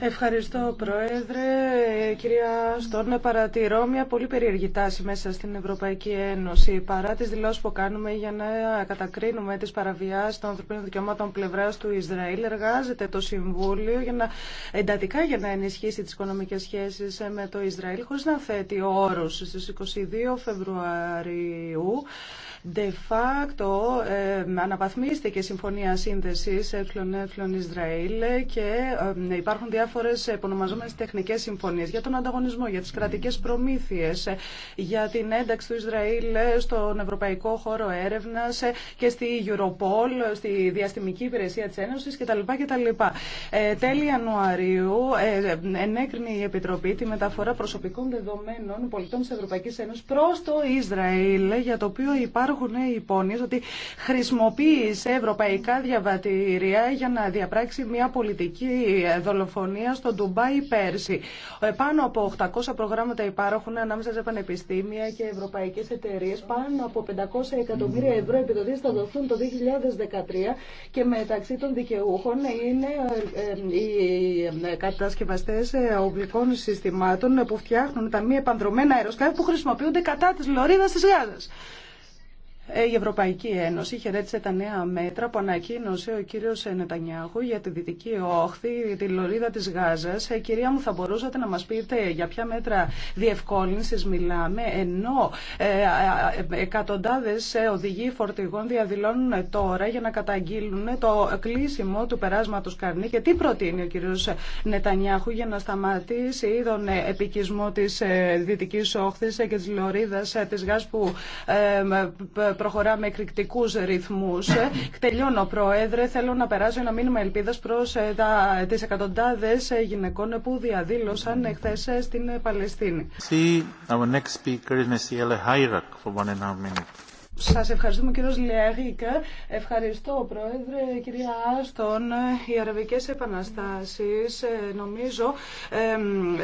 Ευχαριστώ Πρόεδρε. Κυρία Στόρνε, παρατηρώ μια πολύ περίεργη τάση μέσα στην Ευρωπαϊκή Ένωση. Παρά τι δηλώσει που κάνουμε για να κατακρίνουμε τις παραβιάσεις των ανθρωπίνων δικαιωμάτων πλευράς του Ισραήλ, εργάζεται το Συμβούλιο για να, εντατικά για να ενισχύσει τις οικονομικές σχέσεις με το Ισραήλ, χωρί να θέτει όρους στι 22 Φεβρουαρίου. De facto αναβαθμίστηκε η Συμφωνία Σύνδεσης ΕΕ-Ισραήλ και υπάρχουν διάφορες επωνομαζόμενες τεχνικές συμφωνίες για τον ανταγωνισμό, για τις κρατικές προμήθειες, για την ένταξη του Ισραήλ στον Ευρωπαϊκό Χώρο Έρευνας και στη Europol, στη Διαστημική Υπηρεσία της Ένωσης κτλ. κτλ. Ε, τέλη Ιανουαρίου ε, ενέκρινε η Επιτροπή τη μεταφορά προσωπικών δεδομένων πολιτών της Ευρωπαϊκής Ένωσης προς το Ισραήλ, για το οποίο υπάρχουν έχουν υπόνοιες ότι χρησιμοποίησε ευρωπαϊκά διαβατήρια για να διαπράξει μια πολιτική δολοφονία στο Ντουμπάι πέρσι. Ε, πάνω από 800 προγράμματα υπάρχουν ανάμεσα σε πανεπιστήμια και ευρωπαϊκές εταιρείες. Πάνω από 500 εκατομμύρια ευρώ επιδοτήσεις θα δοθούν το 2013 και μεταξύ των δικαιούχων είναι ε, ε, οι κατασκευαστές οπλικών συστημάτων που φτιάχνουν τα μη επανδρομένα αεροσκάφη που χρησιμοποιούνται κατά της λωρίδας της Γάζας. Ε, η Ευρωπαϊκή Ένωση χαιρέτησε τα νέα μέτρα που ανακοίνωσε ο κύριος Νετανιάχου για τη Δυτική Όχθη, τη Λωρίδα της Γάζας. Ε, κυρία μου, θα μπορούσατε να μας πείτε για ποια μέτρα διευκόλυνσης μιλάμε, ενώ ε, εκατοντάδες οδηγοί φορτηγών διαδηλώνουν τώρα για να καταγγείλουν το κλείσιμο του περάσματος Καρνή και τι προτείνει ο κύριος Νετανιάχου για να σταματήσει τον επικισμό της Δυτικής Όχθης και της Λωρίδας της Γάζας, που προχωράμε εκρηκτικού ρυθμούς. Ε, Τελειώνω, Πρόεδρε. Θέλω να περάσω ένα μήνυμα ελπίδας προ ε, τι εκατοντάδε ε, γυναικών που διαδήλωσαν εχθέ στην Παλαιστίνη. Σας ευχαριστούμε κύριο Λεαρίκα. Ευχαριστώ πρόεδρε κυρία Άστον. Οι αραβικές επαναστάσεις ε, νομίζω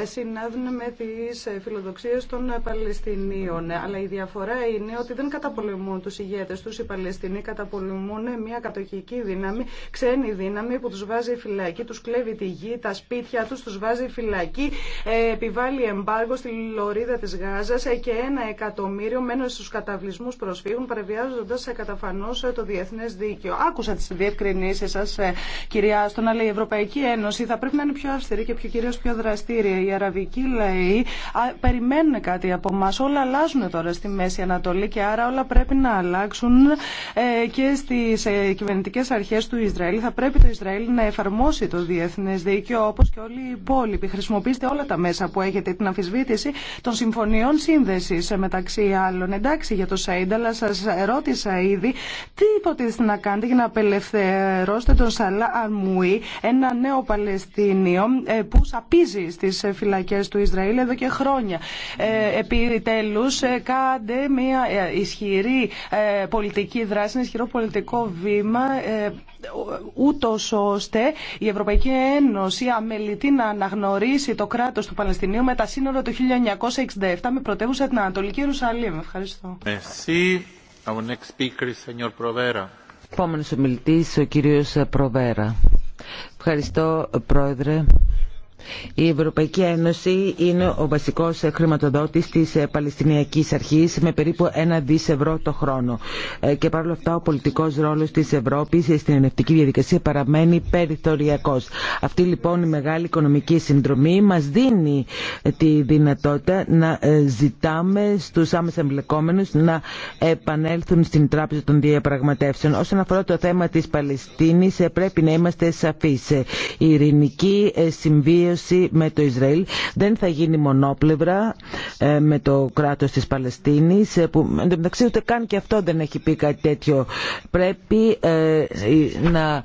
συνάδουν με τις ε, φιλοδοξίες των Παλαιστινίων. Αλλά η διαφορά είναι ότι δεν καταπολεμούν τους ηγέτες τους οι Παλαιστινοί. Καταπολεμούν μια κατοχική δύναμη, ξένη δύναμη που τους βάζει φυλακή, τους κλέβει τη γη, τα σπίτια τους, τους βάζει φυλακή, ε, επιβάλλει εμπάργο στη λωρίδα της Γάζας και ένα εκατομμύριο μένουν στους καταβλισμούς προσφύγων παρεμβιάζοντα σε καταφανώ ε, το διεθνέ δίκαιο. Άκουσα τι διευκρινήσει σα, ε, κυρία Άστον, αλλά η Ευρωπαϊκή Ένωση θα πρέπει να είναι πιο αυστηρή και πιο κυρίω πιο δραστήρια. Οι αραβικοί λαοί περιμένουν κάτι από εμά. Όλα αλλάζουν τώρα στη Μέση Ανατολή και άρα όλα πρέπει να αλλάξουν ε, και στι κυβερνητικέ αρχέ του Ισραήλ. Θα πρέπει το Ισραήλ να εφαρμόσει το διεθνέ δίκαιο όπω και όλοι οι υπόλοιποι. Χρησιμοποιήστε όλα τα μέσα που έχετε την αμφισβήτηση των συμφωνιών σύνδεση μεταξύ άλλων. Εντάξει για το Σαΐντ, σα σας ρώτησα ήδη τι υποτίθεται να κάνετε για να απελευθερώσετε τον Σαλά Αρμουή, ένα νέο Παλαιστίνιο ε, που σαπίζει στις φυλακές του Ισραήλ εδώ και χρόνια. Ε, επιτέλους, ε, κάντε μια ισχυρή πολιτική δράση, ένα ισχυρό πολιτικό βήμα ούτω ώστε η Ευρωπαϊκή Ένωση αμελητή να αναγνωρίσει το κράτος του Παλαιστινίου με τα σύνορα του 1967 με πρωτεύουσα την Ανατολική Ιερουσαλήμ. Ευχαριστώ. Our Επόμενος ομιλητής ο κύριος Προβέρα. Ευχαριστώ Πρόεδρε. Η Ευρωπαϊκή Ένωση είναι ο βασικός χρηματοδότης της Παλαιστινιακής Αρχής με περίπου ένα δις ευρώ το χρόνο. Ε, και παρόλα αυτά ο πολιτικός ρόλος της Ευρώπης στην ενευτική διαδικασία παραμένει περιθωριακός. Αυτή λοιπόν η μεγάλη οικονομική συνδρομή μας δίνει ε, τη δυνατότητα να ε, ζητάμε στους άμεσα εμπλεκόμενους να επανέλθουν στην Τράπεζα των Διαπραγματεύσεων. Όσον αφορά το θέμα της Παλαιστίνης πρέπει να είμαστε σαφείς. Η ειρηνική συμβίωση με το Ισραήλ δεν θα γίνει μονόπλευρα ε, με το κράτος της Παλαιστίνης ε, που μεταξύ ούτε καν και αυτό δεν έχει πει κάτι τέτοιο. Πρέπει ε, να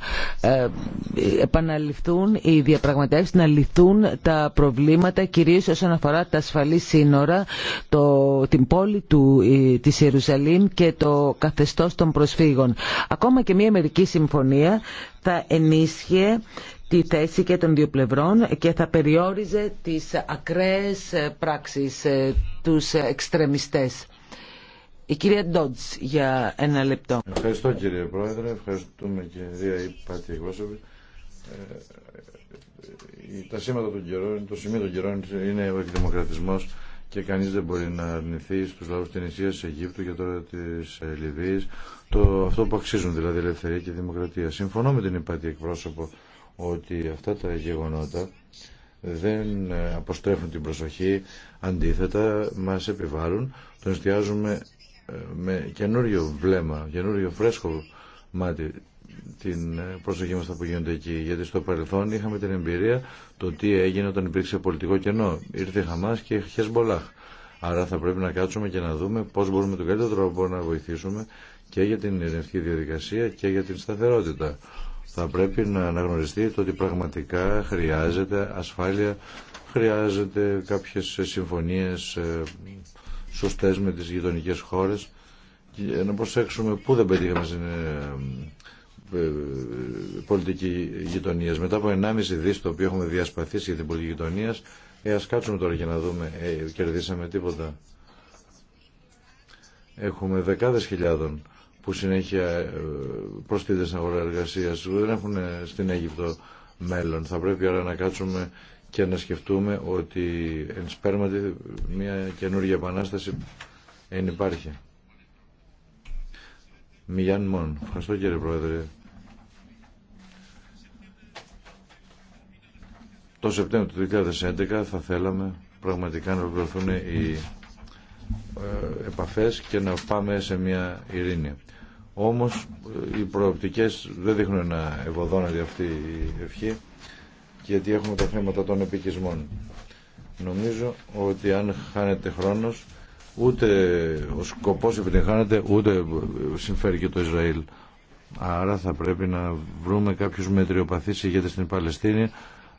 επαναληφθούν οι διαπραγματεύσεις, να λυθούν τα προβλήματα κυρίως όσον αφορά τα ασφαλή σύνορα, το, την πόλη του, της Ιερουσαλήμ και το καθεστώς των προσφύγων. Ακόμα και μια μερική συμφωνία θα ενίσχυε τη θέση και των δύο πλευρών και θα περιόριζε τις ακραίες πράξεις, ε, τους εξτρεμιστές. Η κυρία Ντότζ για ένα λεπτό. Ευχαριστώ κύριε Πρόεδρε, ευχαριστούμε κυρία Υπάτη Εγώσοβη. Τα σήματα των καιρών, το σημείο των καιρών είναι ο εκδημοκρατισμός και κανείς δεν μπορεί να αρνηθεί στους λαούς της Νησίας, της Αιγύπτου και τώρα της ε, Λιβύης το, αυτό που αξίζουν δηλαδή ελευθερία και δημοκρατία. Συμφωνώ με την υπάτη εκπρόσωπο ότι αυτά τα γεγονότα δεν αποστρέφουν την προσοχή, αντίθετα μας επιβάλλουν, τον εστιάζουμε ε, με καινούριο βλέμμα, καινούριο φρέσκο μάτι την προσοχή μας που γίνονται εκεί. Γιατί στο παρελθόν είχαμε την εμπειρία το τι έγινε όταν υπήρξε πολιτικό κενό. Ήρθε η Χαμάς και η Χεσμπολάχ. Άρα θα πρέπει να κάτσουμε και να δούμε πώς μπορούμε τον καλύτερο τρόπο να βοηθήσουμε και για την ειρηνευτική διαδικασία και για την σταθερότητα θα πρέπει να αναγνωριστεί το ότι πραγματικά χρειάζεται ασφάλεια, χρειάζεται κάποιες συμφωνίες ε, σωστές με τις γειτονικές χώρες και να προσέξουμε πού δεν πετύχαμε στην ε, ε, πολιτική γειτονία. Μετά από 1,5 δις το οποίο έχουμε διασπαθήσει για την πολιτική γειτονία, ε, ας κάτσουμε τώρα για να δούμε, κερδίσαμε τίποτα. Έχουμε δεκάδες χιλιάδων που συνέχεια ε, προστίθεται στην αγορά εργασία, δεν έχουν ε, στην Αίγυπτο μέλλον. Θα πρέπει άρα να κάτσουμε και να σκεφτούμε ότι εν σπέρματι μια καινούργια επανάσταση εν υπάρχει. Μιγιάν Μον. Ευχαριστώ κύριε Πρόεδρε. Το Σεπτέμβριο του 2011 θα θέλαμε πραγματικά να ολοκληρωθούν οι ε, επαφές και να πάμε σε μια ειρήνη. Όμως ε, οι προοπτικές δεν δείχνουν να ευωδώνεται αυτή η ευχή γιατί έχουμε τα θέματα των επικισμών. Νομίζω ότι αν χάνεται χρόνος ούτε ο σκοπός επιτυγχάνεται ούτε ε, συμφέρει και το Ισραήλ. Άρα θα πρέπει να βρούμε κάποιους μετριοπαθείς ηγέτες στην Παλαιστίνη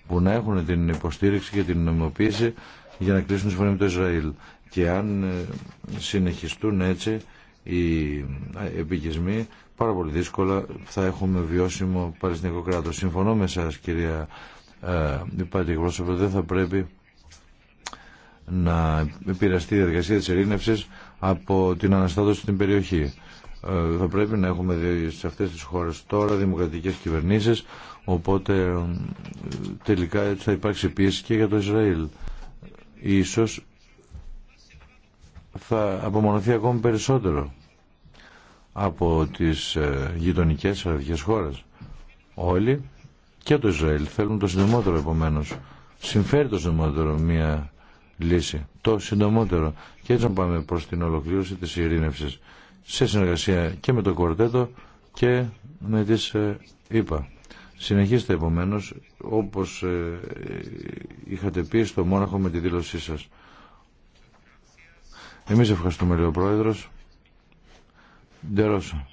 που να έχουν την υποστήριξη και την νομιμοποίηση για να κλείσουν συμφωνία με το Ισραήλ. Και αν ε, συνεχιστούν έτσι οι επικισμοί πάρα πολύ δύσκολα θα έχουμε βιώσιμο παρεσθενικό κράτος. Συμφωνώ με σας κυρία Υπάτη ε, δεν θα πρέπει να επηρεαστεί η διαδικασία της ερήνευσης από την αναστάτωση στην περιοχή. Ε, θα πρέπει να έχουμε σε αυτές τις χώρες τώρα δημοκρατικές κυβερνήσεις, οπότε ε, τελικά θα υπάρξει πίεση και για το Ισραήλ. Ίσως θα απομονωθεί ακόμη περισσότερο από τις ε, γειτονικές αραβικές χώρες. Όλοι και το Ισραήλ θέλουν το συντομότερο επομένως. Συμφέρει το συντομότερο μια λύση. Το συντομότερο. Και έτσι να πάμε προς την ολοκλήρωση της ειρήνευσης. Σε συνεργασία και με το Κορτέτο και με τις είπα Συνεχίστε επομένως όπως ε, είχατε πει στο μόναχο με τη δήλωσή σας. Εμείς ευχαριστούμε, λέει ο Πρόεδρος. Ντερόσο.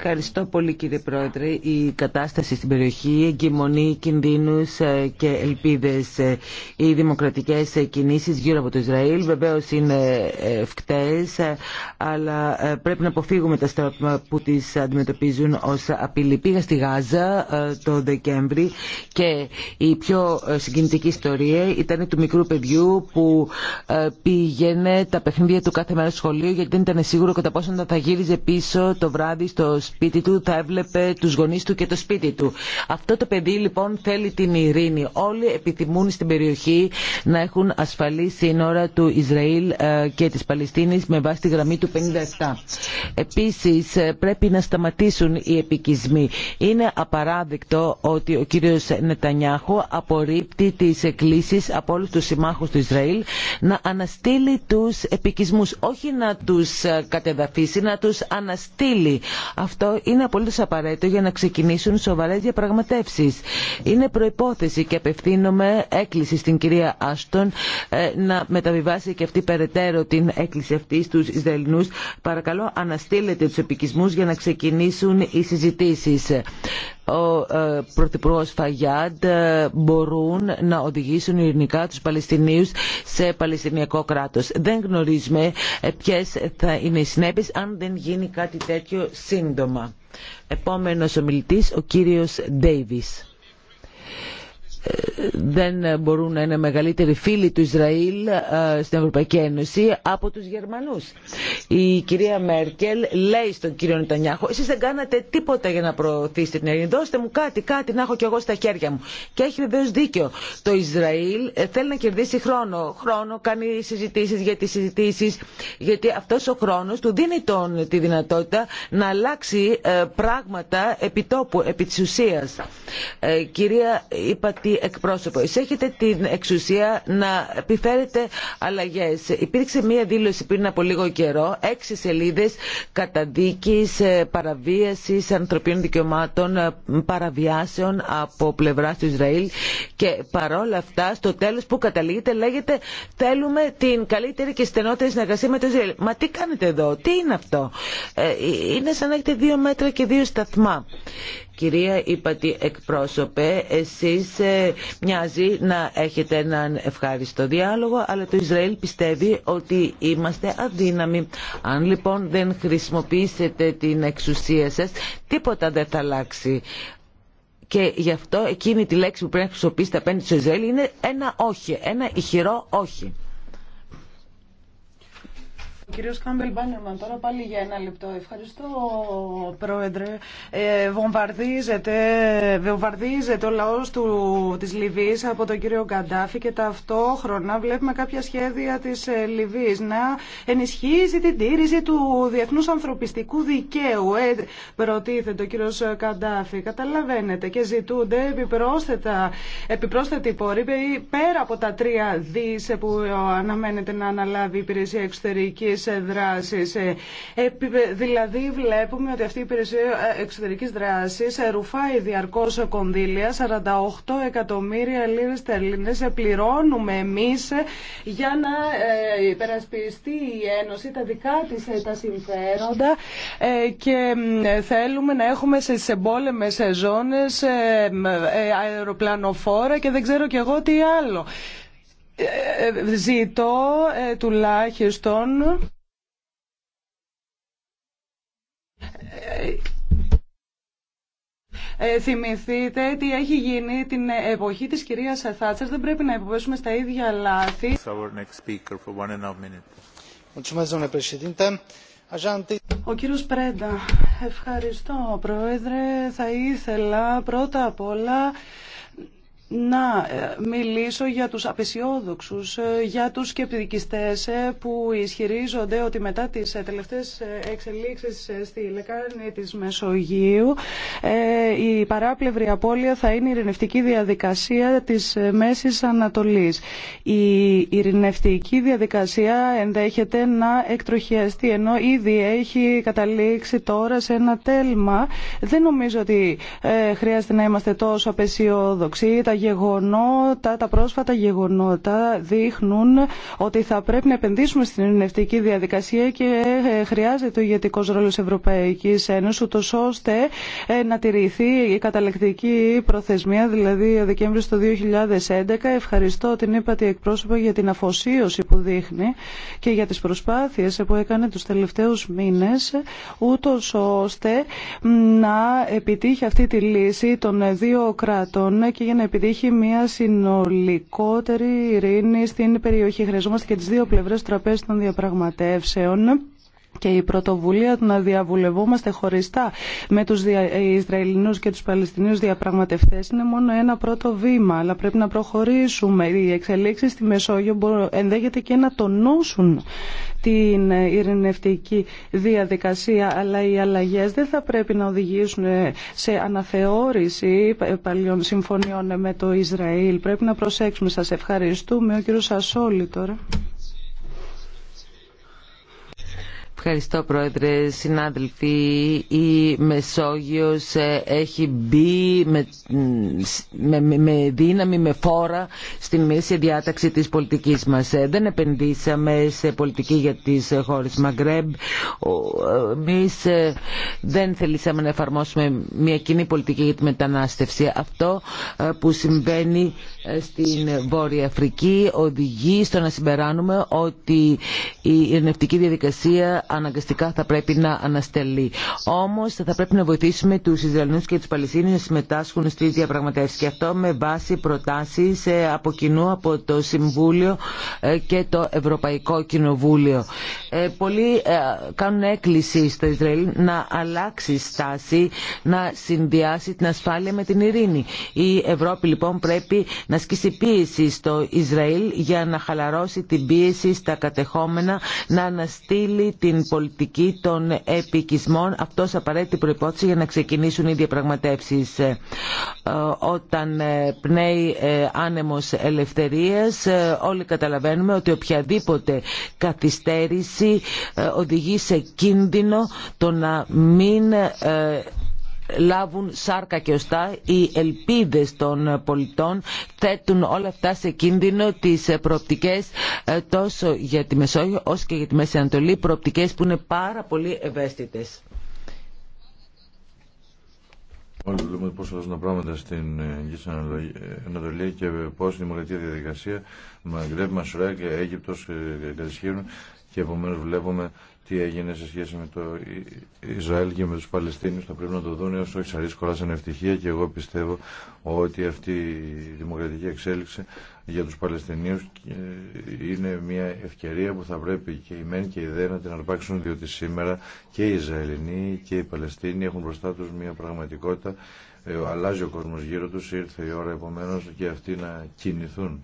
Ευχαριστώ πολύ κύριε Πρόεδρε. Η κατάσταση στην περιοχή εγκυμονεί κινδύνους ε, και ελπίδες. Ε, οι δημοκρατικές ε, κινήσεις γύρω από το Ισραήλ βεβαίως είναι ευκταίες, αλλά πρέπει να αποφύγουμε τα στραπ που τις αντιμετωπίζουν ως απειλή. Πήγα στη Γάζα το Δεκέμβρη και η πιο συγκινητική ιστορία ήταν του μικρού παιδιού που πήγαινε τα παιχνίδια του κάθε μέρα στο σχολείο γιατί δεν ήταν σίγουρο κατά πόσο θα γύριζε πίσω το βράδυ στο σπίτι του, θα έβλεπε τους γονείς του και το σπίτι του. Αυτό το παιδί λοιπόν θέλει την ειρήνη. Όλοι επιθυμούν στην περιοχή να έχουν ασφαλή σύνορα του Ισραήλ ε, και της Παλαιστίνης με βάση τη γραμμή του 57. Επίσης ε, πρέπει να σταματήσουν οι επικισμοί. Είναι απαράδεκτο ότι ο κύριος Νετανιάχου απορρίπτει τις εκκλήσεις από όλου του του Ισραήλ να αναστείλει τους επικισμούς. Όχι να τους ε, κατεδαφίσει, να τους αναστείλει αυτό είναι απολύτω απαραίτητο για να ξεκινήσουν σοβαρέ διαπραγματεύσει. Είναι προπόθεση και απευθύνομαι έκκληση στην κυρία Άστον ε, να μεταβιβάσει και αυτή περαιτέρω την έκκληση αυτή στου Ισραηλινού. Παρακαλώ, αναστείλετε του επικισμού για να ξεκινήσουν οι συζητήσει ο ε, Πρωθυπουργός Φαγιάντ ε, μπορούν να οδηγήσουν ειρηνικά τους Παλαιστινίους σε Παλαιστινιακό κράτος. Δεν γνωρίζουμε ε, ποιες θα είναι οι συνέπειες αν δεν γίνει κάτι τέτοιο σύντομα. Επόμενος ομιλητής, ο κύριος Ντέιβις δεν μπορούν να είναι μεγαλύτεροι φίλοι του Ισραήλ ε, στην Ευρωπαϊκή Ένωση από τους Γερμανούς. Η κυρία Μέρκελ λέει στον κύριο Νιτανιάχο εσείς δεν κάνατε τίποτα για να προωθήσετε την Ελληνική. Δώστε μου κάτι, κάτι να έχω κι εγώ στα χέρια μου. Και έχει βεβαίω δίκιο. Το Ισραήλ ε, θέλει να κερδίσει χρόνο. Χρόνο κάνει συζητήσεις για τις συζητήσεις γιατί αυτός ο χρόνος του δίνει τον, τη δυνατότητα να αλλάξει ε, πράγματα επίτόπου επί της ουσίας. Ε, κυρία, είπα ύπατη έχετε την εξουσία να επιφέρετε αλλαγέ. Υπήρξε μία δήλωση πριν από λίγο καιρό, έξι σελίδες καταδίκης ε, παραβίαση ανθρωπίνων δικαιωμάτων, ε, παραβιάσεων από πλευρά του Ισραήλ και παρόλα αυτά στο τέλος που καταλήγεται λέγεται θέλουμε την καλύτερη και στενότερη συνεργασία με το Ισραήλ. Μα τι κάνετε εδώ, τι είναι αυτό. Ε, είναι σαν να έχετε δύο μέτρα και δύο σταθμά. Κυρία Ήπατη εκπρόσωπε, εσείς ε, μοιάζει να έχετε έναν ευχάριστο διάλογο, αλλά το Ισραήλ πιστεύει ότι είμαστε αδύναμοι. Αν λοιπόν δεν χρησιμοποιήσετε την εξουσία σας, τίποτα δεν θα αλλάξει. Και γι' αυτό εκείνη τη λέξη που πρέπει να χρησιμοποιήσετε απέναντι στο Ισραήλ είναι ένα όχι, ένα ηχηρό όχι. Κύριο κύριος Κάμπελ Μπάνερμαν, τώρα πάλι για ένα λεπτό. Ευχαριστώ, Πρόεδρε. Ε, βομβαρδίζεται, βομβαρδίζεται ο λαός του, της Λιβύης από τον κύριο Καντάφη και ταυτόχρονα βλέπουμε κάποια σχέδια της ε, Λιβύης να ενισχύσει την τήρηση του διεθνούς ανθρωπιστικού δικαίου. Ε, προτίθεται ο κύριος Καντάφη. Καταλαβαίνετε και ζητούνται επιπρόσθετα, επιπρόσθετη πέρα από τα τρία δις που αναμένεται να αναλάβει η υπηρεσία εξωτερική ε, ε, δηλαδή βλέπουμε ότι αυτή η υπηρεσία ε, εξωτερικής δράσης ρουφάει διαρκώς κονδύλια, 48 εκατομμύρια λίρες τερλίνες πληρώνουμε εμείς για να υπερασπιστεί η Ένωση τα δικά της τα συμφέροντα και θέλουμε να έχουμε σε εμπόλεμες ζώνες αεροπλανοφόρα και δεν ξέρω κι εγώ τι άλλο. Ε, ε, ζητώ ε, τουλάχιστον ε, θυμηθείτε τι έχει γίνει την εποχή της κυρίας Θάτσερ. Δεν πρέπει να υποπέσουμε στα ίδια λάθη. Ο κύριος Πρέντα, ευχαριστώ πρόεδρε. Θα ήθελα πρώτα απ' όλα να ε, μιλήσω για τους απεσιόδοξους, ε, για τους σκεπτικιστές ε, που ισχυρίζονται ότι μετά τις τελευταίες εξελίξεις στη λεκάνη της Μεσογείου η παράπλευρη απώλεια θα είναι η ειρηνευτική διαδικασία της Μέσης Ανατολής. Η ειρηνευτική διαδικασία ενδέχεται να εκτροχιαστεί ενώ ήδη έχει καταλήξει τώρα σε ένα τέλμα. Δεν νομίζω ότι χρειάζεται να είμαστε τόσο απεσιόδοξοι γεγονότα, τα πρόσφατα γεγονότα δείχνουν ότι θα πρέπει να επενδύσουμε στην ειρηνευτική διαδικασία και ε, χρειάζεται ο ηγετικό ρόλο Ευρωπαϊκή Ένωση, ούτω ώστε ε, να τηρηθεί η καταλεκτική προθεσμία, δηλαδή ο Δεκέμβρη του 2011. Ευχαριστώ την ύπατη εκπρόσωπο για την αφοσίωση που δείχνει και για τι προσπάθειε που έκανε του τελευταίου μήνε, ούτω ώστε να επιτύχει αυτή τη λύση των ε, δύο κρατών και για να έχει μια συνολικότερη ειρήνη στην περιοχή. Χρειαζόμαστε και τι δύο πλευρές τραπέζι των διαπραγματεύσεων και η πρωτοβουλία του να διαβουλευόμαστε χωριστά με τους ε, Ισραηλινούς και τους Παλαιστινίους διαπραγματευτές είναι μόνο ένα πρώτο βήμα, αλλά πρέπει να προχωρήσουμε. Οι εξελίξεις στη Μεσόγειο ενδέχεται και να τονώσουν την ε, ειρηνευτική διαδικασία, αλλά οι αλλαγές δεν θα πρέπει να οδηγήσουν ε, σε αναθεώρηση παλιών συμφωνιών με το Ισραήλ. Πρέπει να προσέξουμε. Σας ευχαριστούμε. Ο κύριος Σασόλη τώρα. Ευχαριστώ Πρόεδρε, συνάδελφοι. Η Μεσόγειος ε, έχει μπει με, με, με δύναμη, με φόρα στην μέση διάταξη της πολιτικής μας. Ε, δεν επενδύσαμε σε πολιτική για τις χώρες Μαγκρέμπ. Εμεί ε, δεν θελήσαμε να εφαρμόσουμε μια κοινή πολιτική για τη μετανάστευση. Αυτό που συμβαίνει στην Βόρεια Αφρική οδηγεί στο να συμπεράνουμε ότι η ειρηνευτική διαδικασία αναγκαστικά θα πρέπει να αναστελεί. Όμω θα πρέπει να βοηθήσουμε του Ισραηλινούς και του Παλαιστίνιου να συμμετάσχουν στι διαπραγματεύσει. και αυτό με βάση προτάσει ε, από κοινού από το Συμβούλιο ε, και το Ευρωπαϊκό Κοινοβούλιο. Ε, πολλοί κάνουν έκκληση στο Ισραήλ να αλλάξει στάση, να συνδυάσει την ασφάλεια με την ειρήνη. Η Ευρώπη λοιπόν πρέπει να σκίσει πίεση στο Ισραήλ για να χαλαρώσει την πίεση στα κατεχόμενα, να αναστείλει την την πολιτική των επικισμών. Αυτός απαραίτητη προϋπόθεση για να ξεκινήσουν οι διαπραγματεύσεις. Ε, όταν ε, πνέει ε, άνεμος ελευθερίας, όλοι καταλαβαίνουμε ότι οποιαδήποτε καθυστέρηση οδηγεί σε κίνδυνο το να μην λάβουν σάρκα και οστά οι ελπίδες των πολιτών θέτουν όλα αυτά σε κίνδυνο τις προοπτικές ε, τόσο για τη Μεσόγειο όσο και για τη Μέση Ανατολή προοπτικές που είναι πάρα πολύ ευαίσθητες. Όλοι βλέπουμε πώ αλλάζουν τα πράγματα στην ε, Αγγλική Ανατολή ε, και πώ η δημοκρατία διαδικασία, Μαγκρέπ, Μασουράκ, Αίγυπτο κατησχύουν και επομένω βλέπουμε τι έγινε σε σχέση με το Ισραήλ και με τους Παλαιστίνιους θα πρέπει να το δουν έως όχι σαρίς σαν ευτυχία και εγώ πιστεύω ότι αυτή η δημοκρατική εξέλιξη για τους Παλαιστινίους είναι μια ευκαιρία που θα πρέπει και οι μεν και οι δε να την αρπάξουν διότι σήμερα και οι Ισραηλινοί και οι Παλαιστίνοι έχουν μπροστά τους μια πραγματικότητα ε, αλλάζει ο κόσμος γύρω τους ήρθε η ώρα επομένως και αυτοί να κινηθούν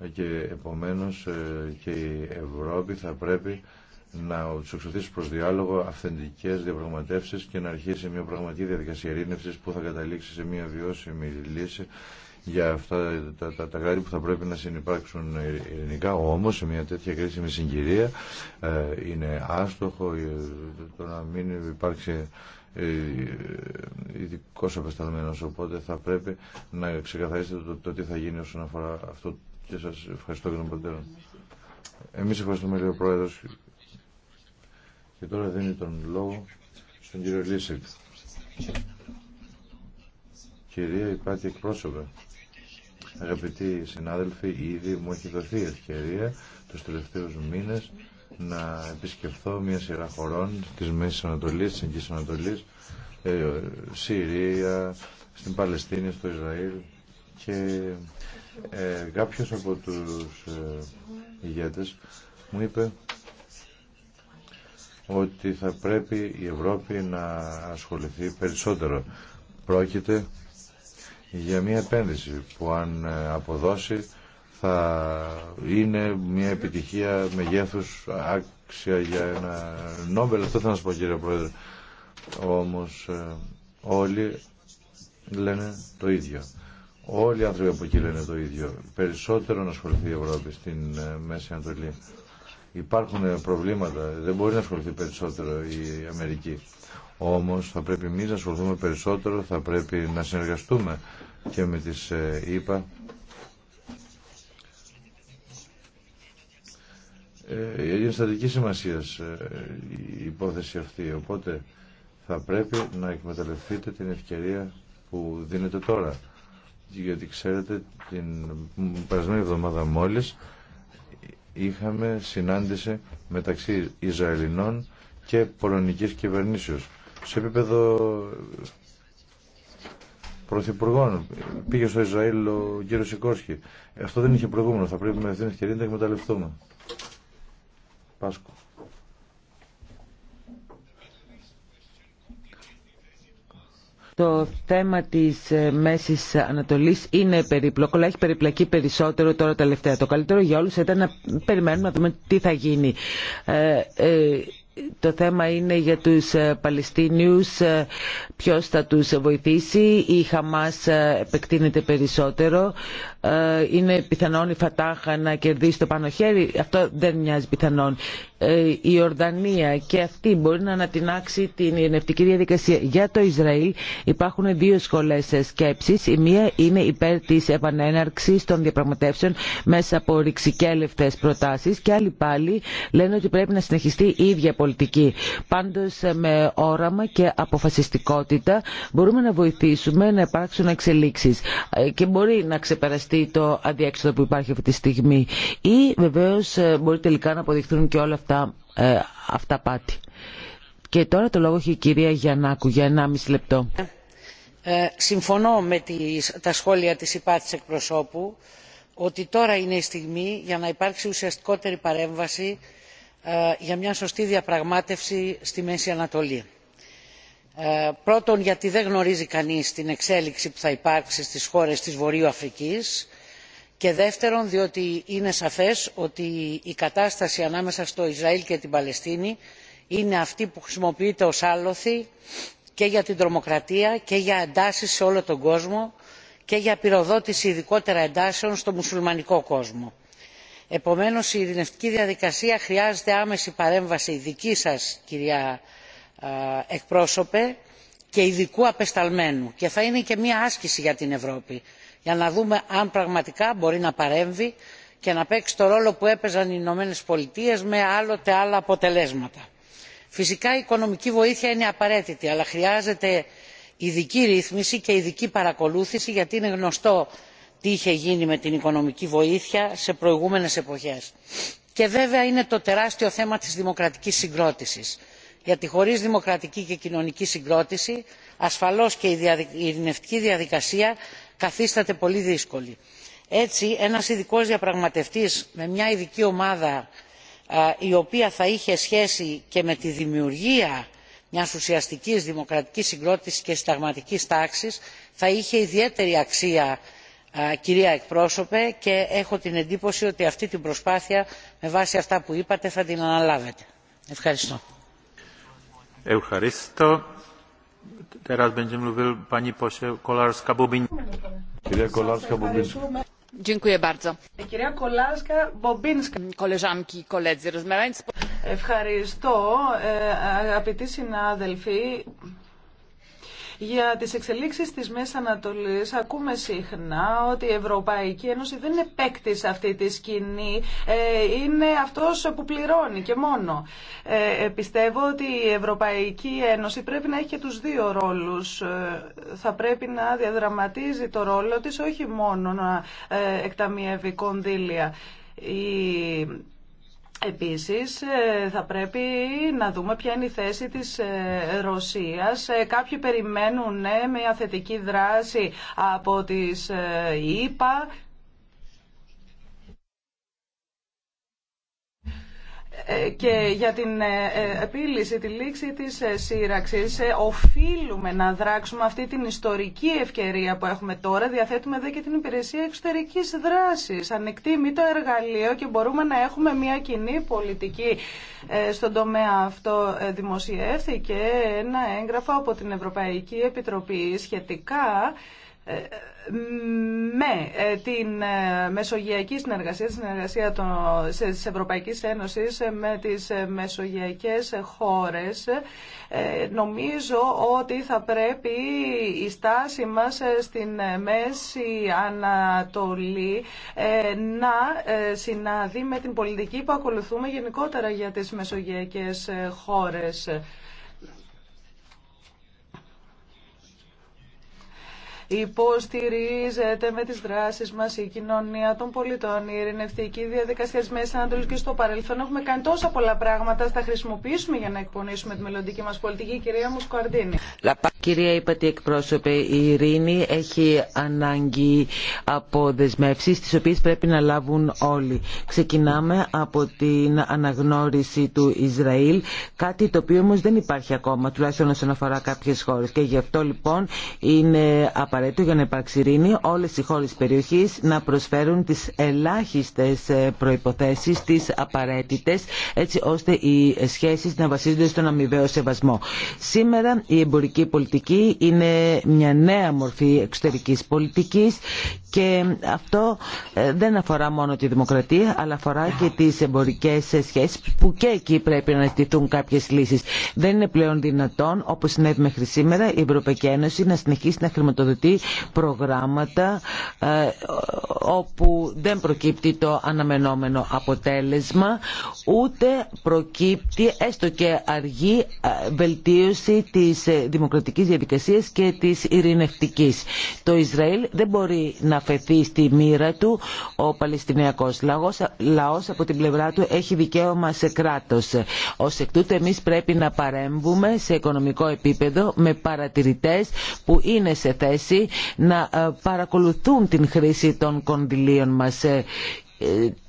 ε, και επομένως ε, και η Ευρώπη θα πρέπει να του εξωθήσει προ διάλογο αυθεντικέ διαπραγματεύσει και να αρχίσει μια πραγματική διαδικασία ειρήνευση που θα καταλήξει σε μια βιώσιμη λύση για αυτά τα, τα, τα κράτη που θα πρέπει να συνεπάρξουν ειρηνικά. Όμω σε μια τέτοια κρίσιμη συγκυρία ε, είναι άστοχο ε, το να μην υπάρξει ε, ειδικό απεσταλμένο. Οπότε θα πρέπει να ξεκαθαρίσετε το, το τι θα γίνει όσον αφορά αυτό. Και σα ευχαριστώ και τον πατέρα. Εμεί ευχαριστούμε, λέει Πρόεδρο. Και τώρα δίνει τον λόγο στον κύριο Λίσεκ. Κυρία Υπάτη εκπρόσωπε, αγαπητοί συνάδελφοι, ήδη μου έχει δοθεί ευκαιρία τους τελευταίους μήνες να επισκεφθώ μια σειρά χωρών της Μέσης Ανατολής, της Αγγής Ανατολής, ε, Συρία, στην Παλαιστίνη, στο Ισραήλ και ε, κάποιος από τους ε, ηγέτες μου είπε ότι θα πρέπει η Ευρώπη να ασχοληθεί περισσότερο. Πρόκειται για μια επένδυση που αν ε, αποδώσει θα είναι μια επιτυχία μεγέθους άξια για ένα νόμπελ. Αυτό θα μας πω κύριε Πρόεδρε. Όμως ε, όλοι λένε το ίδιο. Όλοι οι άνθρωποι από εκεί λένε το ίδιο. Περισσότερο να ασχοληθεί η Ευρώπη στην ε, Μέση Ανατολή υπάρχουν ε, προβλήματα, δεν μπορεί να ασχοληθεί περισσότερο η Αμερική. Όμως θα πρέπει εμεί να ασχοληθούμε περισσότερο, θα πρέπει να συνεργαστούμε και με τις ΕΠΑ. Ε, είναι στατική σημασία ε, η υπόθεση αυτή, οπότε θα πρέπει να εκμεταλλευτείτε την ευκαιρία που δίνετε τώρα. Γιατί ξέρετε την περασμένη εβδομάδα μόλις είχαμε συνάντηση μεταξύ Ισραηλινών και πολωνικής κυβερνήσεως. Σε επίπεδο πρωθυπουργών πήγε στο Ισραήλ ο κύριο Σικόρσκι. Αυτό δεν είχε προηγούμενο. Θα πρέπει με αυτήν την ευκαιρία να εκμεταλλευτούμε. Πάσκο. Το θέμα της ε, Μέσης Ανατολής είναι περίπλοκο, αλλά έχει περιπλακεί περισσότερο τώρα τελευταία. Το καλύτερο για όλους ήταν να περιμένουμε να δούμε τι θα γίνει. Ε, ε το θέμα είναι για τους ε, Παλαιστίνιους ποιος θα τους βοηθήσει. Η Χαμάς επεκτείνεται περισσότερο. Ε, είναι πιθανόν η Φατάχα να κερδίσει το πάνω χέρι. Αυτό δεν μοιάζει πιθανόν. Ε, η Ορδανία και αυτή μπορεί να ανατινάξει την ειρηνευτική διαδικασία. Για το Ισραήλ υπάρχουν δύο σχολέ σκέψη. Η μία είναι υπέρ τη επανέναρξη των διαπραγματεύσεων μέσα από ρηξικέλευτε προτάσει και άλλοι πάλι λένε ότι πρέπει να συνεχιστεί η ίδια πολιτική. Πάντω με όραμα και αποφασιστικότητα μπορούμε να βοηθήσουμε να υπάρξουν εξελίξει ε, και μπορεί να ξεπεραστεί το αδιέξοδο που υπάρχει αυτή τη στιγμή ή βεβαίως ε, μπορεί τελικά να αποδειχθούν και όλα αυτά ε, αυταπάτη. Και τώρα το λόγο έχει η βεβαιως μπορει τελικα να αποδειχθουν και ολα αυτα αυτα πατη και τωρα το λογο εχει η κυρια γιαννακου για 1,5 λεπτό. Ε, συμφωνώ με τις, τα σχόλια της υπάτης εκπροσώπου ότι τώρα είναι η στιγμή για να υπάρξει ουσιαστικότερη παρέμβαση ε, για μια σωστή διαπραγμάτευση στη Μέση Ανατολή ε, πρώτον γιατί δεν γνωρίζει κανείς την εξέλιξη που θα υπάρξει στις χώρες της βορείου αφρικής και δεύτερον διότι είναι σαφές ότι η κατάσταση ανάμεσα στο ισραήλ και την παλαιστίνη είναι αυτή που χρησιμοποιείται ως άλοθη και για την τρομοκρατία και για εντάσεις σε όλο τον κόσμο και για πυροδότηση ειδικότερα εντάσεων στο μουσουλμανικό κόσμο. επομένως η ειρηνευτική διαδικασία χρειάζεται άμεση παρέμβαση δική σας κυρία ε, εκπρόσωπε και ειδικού απεσταλμένου και θα είναι και μια άσκηση για την ευρώπη για να δούμε αν πραγματικά μπορεί να παρέμβει και να παίξει το ρόλο που έπαιζαν οι ηνωμένε πολιτείε με άλλοτε άλλα αποτελέσματα. φυσικά η οικονομική βοήθεια είναι απαραίτητη αλλά χρειάζεται ειδική ρύθμιση και ειδική παρακολούθηση γιατί είναι γνωστό τι είχε γίνει με την οικονομική βοήθεια σε προηγούμενες εποχές. και βέβαια είναι το τεράστιο θέμα τη δημοκρατική συγκρότηση γιατί χωρίς δημοκρατική και κοινωνική συγκρότηση ασφαλώς και η ειρηνευτική διαδικασία καθίσταται πολύ δύσκολη. έτσι ένας ειδικός διαπραγματευτής με μια ειδική ομάδα η οποία θα είχε σχέση και με τη δημιουργία μιας ουσιαστικής δημοκρατικής συγκρότησης και συνταγματικής τάξης θα είχε ιδιαίτερη αξία κυρία εκπρόσωπε και έχω την εντύπωση ότι αυτή την προσπάθεια με βάση αυτά που είπατε θα την αναλάβετε. ευχαριστώ. Ευχαριστώ. Τώρα θα μιλήσουμε με την Κυρία Κολάρσκα-Μπομπίν. Ευχαριστώ. Αγαπητοί συναδελφοί. Για τις εξελίξεις της Μέσης Ανατολής ακούμε συχνά ότι η Ευρωπαϊκή Ένωση δεν είναι παίκτη σε αυτή τη σκηνή. Ε, είναι αυτός που πληρώνει και μόνο. Ε, πιστεύω ότι η Ευρωπαϊκή Ένωση πρέπει να έχει και τους δύο ρόλους. Ε, θα πρέπει να διαδραματίζει το ρόλο της όχι μόνο να ε, εκταμιεύει κονδύλια. Η Επίσης ε, θα πρέπει να δούμε ποια είναι η θέση της ε, Ρωσίας. Ε, κάποιοι περιμένουν μια θετική δράση από τις ΗΠΑ Ε, και για την ε, ε, επίλυση, τη λήξη της σύραξης οφείλουμε να δράξουμε αυτή την ιστορική ευκαιρία που έχουμε τώρα. Διαθέτουμε εδώ και την υπηρεσία εξωτερικής δράσης. Ανοιχτή μη το εργαλείο και μπορούμε να έχουμε μια κοινή πολιτική στον τομέα αυτό. Δημοσιεύθηκε ένα έγγραφο από την Ευρωπαϊκή Επιτροπή σχετικά ε, με ε, την ε, μεσογειακή συνεργασία, τη συνεργασία της Ευρωπαϊκής Ένωσης με τις μεσογειακές χώρες, νομίζω ότι θα πρέπει η στάση μας στην Μέση Ανατολή να συνάδει με την πολιτική που ακολουθούμε γενικότερα για τις μεσογειακές χώρες. Υποστηρίζεται με τις δράσεις μας η κοινωνία των πολιτών, η ειρηνευτική διαδικασία της Μέσης Ανατολής και στο παρελθόν. Έχουμε κάνει τόσα πολλά πράγματα, θα χρησιμοποιήσουμε για να εκπονήσουμε τη μελλοντική μας πολιτική. Κυρία Μουσκουαρντίνη. Κυρία Υπατή εκπρόσωπε, η ειρήνη έχει ανάγκη από δεσμεύσεις τις οποίες πρέπει να λάβουν όλοι. Ξεκινάμε από την αναγνώριση του Ισραήλ, κάτι το οποίο όμως δεν υπάρχει ακόμα, τουλάχιστον όσον αφορά κάποιες χώρες. Και γι' αυτό λοιπόν είναι απαραίτητο απαραίτητο για να υπάρξει ειρήνη όλες οι χώρες περιοχής να προσφέρουν τις ελάχιστες ε, προϋποθέσεις, τις απαραίτητες, έτσι ώστε οι σχέσεις να βασίζονται στον αμοιβαίο σεβασμό. Σήμερα η εμπορική πολιτική είναι μια νέα μορφή εξωτερικής πολιτικής και αυτό ε, δεν αφορά μόνο τη δημοκρατία, αλλά αφορά και τις εμπορικές ε, σχέσεις που και εκεί πρέπει να αναστηθούν κάποιες λύσεις. Δεν είναι πλέον δυνατόν, όπως συνέβη μέχρι σήμερα, η Ευρωπαϊκή Ένωση να συνεχίσει να χρηματοδοτεί προγράμματα ε, όπου δεν προκύπτει το αναμενόμενο αποτέλεσμα ούτε προκύπτει έστω και αργή ε, βελτίωση της ε, δημοκρατικής διαδικασίας και της ειρηνευτικής. Το Ισραήλ δεν μπορεί να φεθεί στη μοίρα του ο Παλαιστινιακός λαός, λαός από την πλευρά του έχει δικαίωμα σε κράτος. Ως εκ τούτου εμείς πρέπει να παρέμβουμε σε οικονομικό επίπεδο με παρατηρητές που είναι σε θέση να παρακολουθούν την χρήση των κονδυλίων μας ε,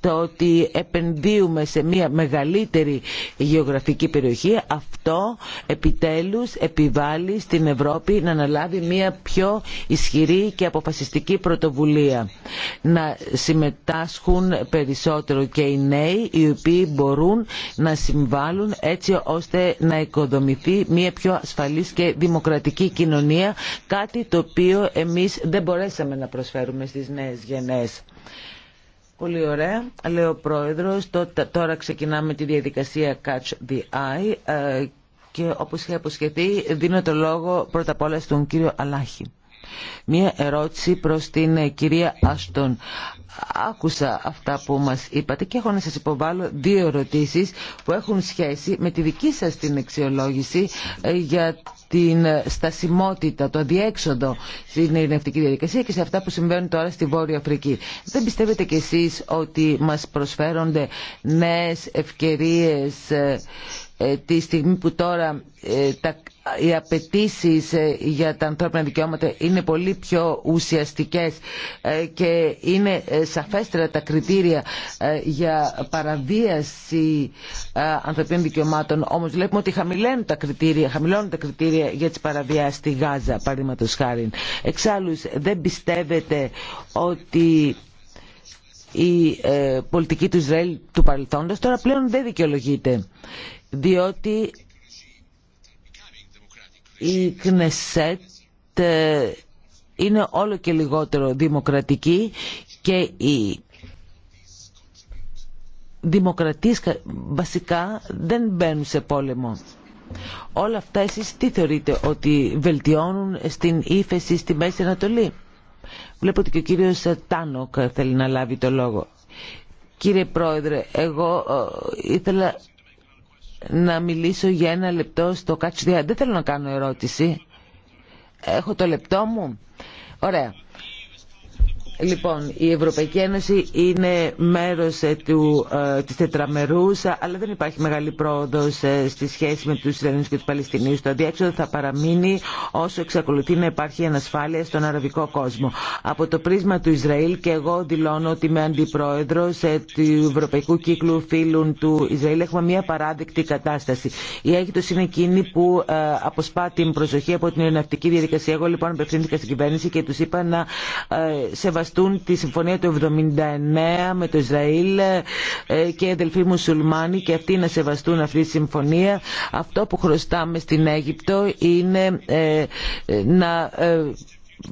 το ότι επενδύουμε σε μια μεγαλύτερη γεωγραφική περιοχή αυτό επιτέλους επιβάλλει στην Ευρώπη να αναλάβει μια πιο ισχυρή και αποφασιστική πρωτοβουλία να συμμετάσχουν περισσότερο και οι νέοι οι οποίοι μπορούν να συμβάλλουν έτσι ώστε να οικοδομηθεί μια πιο ασφαλής και δημοκρατική κοινωνία κάτι το οποίο εμείς δεν μπορέσαμε να προσφέρουμε στις νέες γενναίες. Πολύ ωραία. Λέω, ο Πρόεδρος, τώρα ξεκινάμε τη διαδικασία Catch the Eye ε, και όπως είχα αποσχεθεί δίνω το λόγο πρώτα απ' όλα στον κύριο Αλάχη. Μία ερώτηση προς την ε, κυρία Άστον άκουσα αυτά που μας είπατε και έχω να σας υποβάλω δύο ερωτήσεις που έχουν σχέση με τη δική σας την αξιολόγηση ε, για την στασιμότητα, το αδιέξοδο στην ειρηνευτική διαδικασία και σε αυτά που συμβαίνουν τώρα στη Βόρεια Αφρική. Δεν πιστεύετε κι εσείς ότι μας προσφέρονται νέες ευκαιρίες ε, ε, τη στιγμή που τώρα ε, οι απαιτήσει ε, για τα ανθρώπινα δικαιώματα είναι πολύ πιο ουσιαστικές και είναι σαφέστερα τα κριτήρια για παραβίαση ανθρωπίνων δικαιωμάτων όμως βλέπουμε ότι χαμηλώνουν τα κριτήρια, χαμηλώνουν τα κριτήρια για τις παραβιάσεις στη Γάζα παραδείγματος χάρη. Εξάλλου δεν πιστεύετε ότι η πολιτική του Ισραήλ του παρελθόντος τώρα πλέον δεν δικαιολογείται διότι η Κνεσέτ ε, είναι όλο και λιγότερο δημοκρατική και οι δημοκρατίες βασικά δεν μπαίνουν σε πόλεμο. Όλα αυτά εσείς τι θεωρείτε ότι βελτιώνουν στην ύφεση στη Μέση Ανατολή. Βλέπω ότι και ο κύριος Τάνοκ θέλει να λάβει το λόγο. Κύριε Πρόεδρε, εγώ ε, ήθελα να μιλήσω για ένα λεπτό στο κάτσου Δεν θέλω να κάνω ερώτηση. Έχω το λεπτό μου. Ωραία. Λοιπόν, η Ευρωπαϊκή Ένωση είναι μέρος ε, του, ε, της τετραμερούς, αλλά δεν υπάρχει μεγάλη πρόοδος ε, στη σχέση με τους Ισραηλινούς και τους Παλαιστινίους. Το αδιέξοδο θα παραμείνει όσο εξακολουθεί να υπάρχει ανασφάλεια στον αραβικό κόσμο. Από το πρίσμα του Ισραήλ και εγώ δηλώνω ότι είμαι αντιπρόεδρος ε, του Ευρωπαϊκού Κύκλου Φίλων του Ισραήλ. Έχουμε μια παράδεκτη κατάσταση. Η Αίγυπτος είναι εκείνη που ε, αποσπά την προσοχή από την ειρηνευτική διαδικασία. Εγώ λοιπόν απευθύνθηκα στην κυβέρνηση και τους είπα να ε, σεβαστούν σεβαστούν τη συμφωνία του 79 με το Ισραήλ ε, και οι αδελφοί μουσουλμάνοι και αυτοί να σεβαστούν αυτή τη συμφωνία. Αυτό που χρωστάμε στην Αίγυπτο είναι ε, ε, να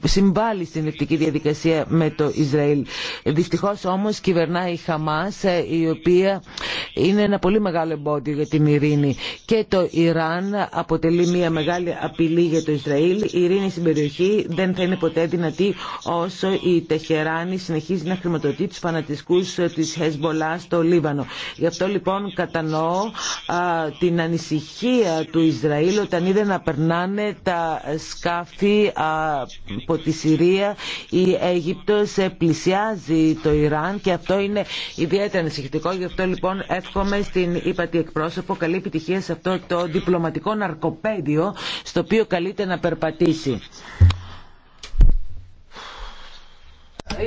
συμβάλλει στην ευτική διαδικασία με το Ισραήλ. Δυστυχώς όμως κυβερνάει η Χαμάς ε, η οποία είναι ένα πολύ μεγάλο εμπόδιο για την ειρήνη και το Ιράν αποτελεί μια μεγάλη απειλή για το Ισραήλ. Η ειρήνη στην περιοχή δεν θα είναι ποτέ δυνατή όσο η Τεχεράνη συνεχίζει να χρηματοδοτεί τους φανατισκούς της Χεσμολά στο Λίβανο. Γι' αυτό λοιπόν κατανοώ την ανησυχία του Ισραήλ όταν είδε να περνάνε τα σκάφη από τη Συρία η Αίγυπτος πλησιάζει το Ιράν και αυτό είναι ιδιαίτερα ανησυχητικό. Γι' αυτό λοιπόν εύχομαι στην είπατη εκπρόσωπο καλή επιτυχία σε αυτό το διπλωματικό ναρκοπέδιο στο οποίο καλείται να περπατήσει.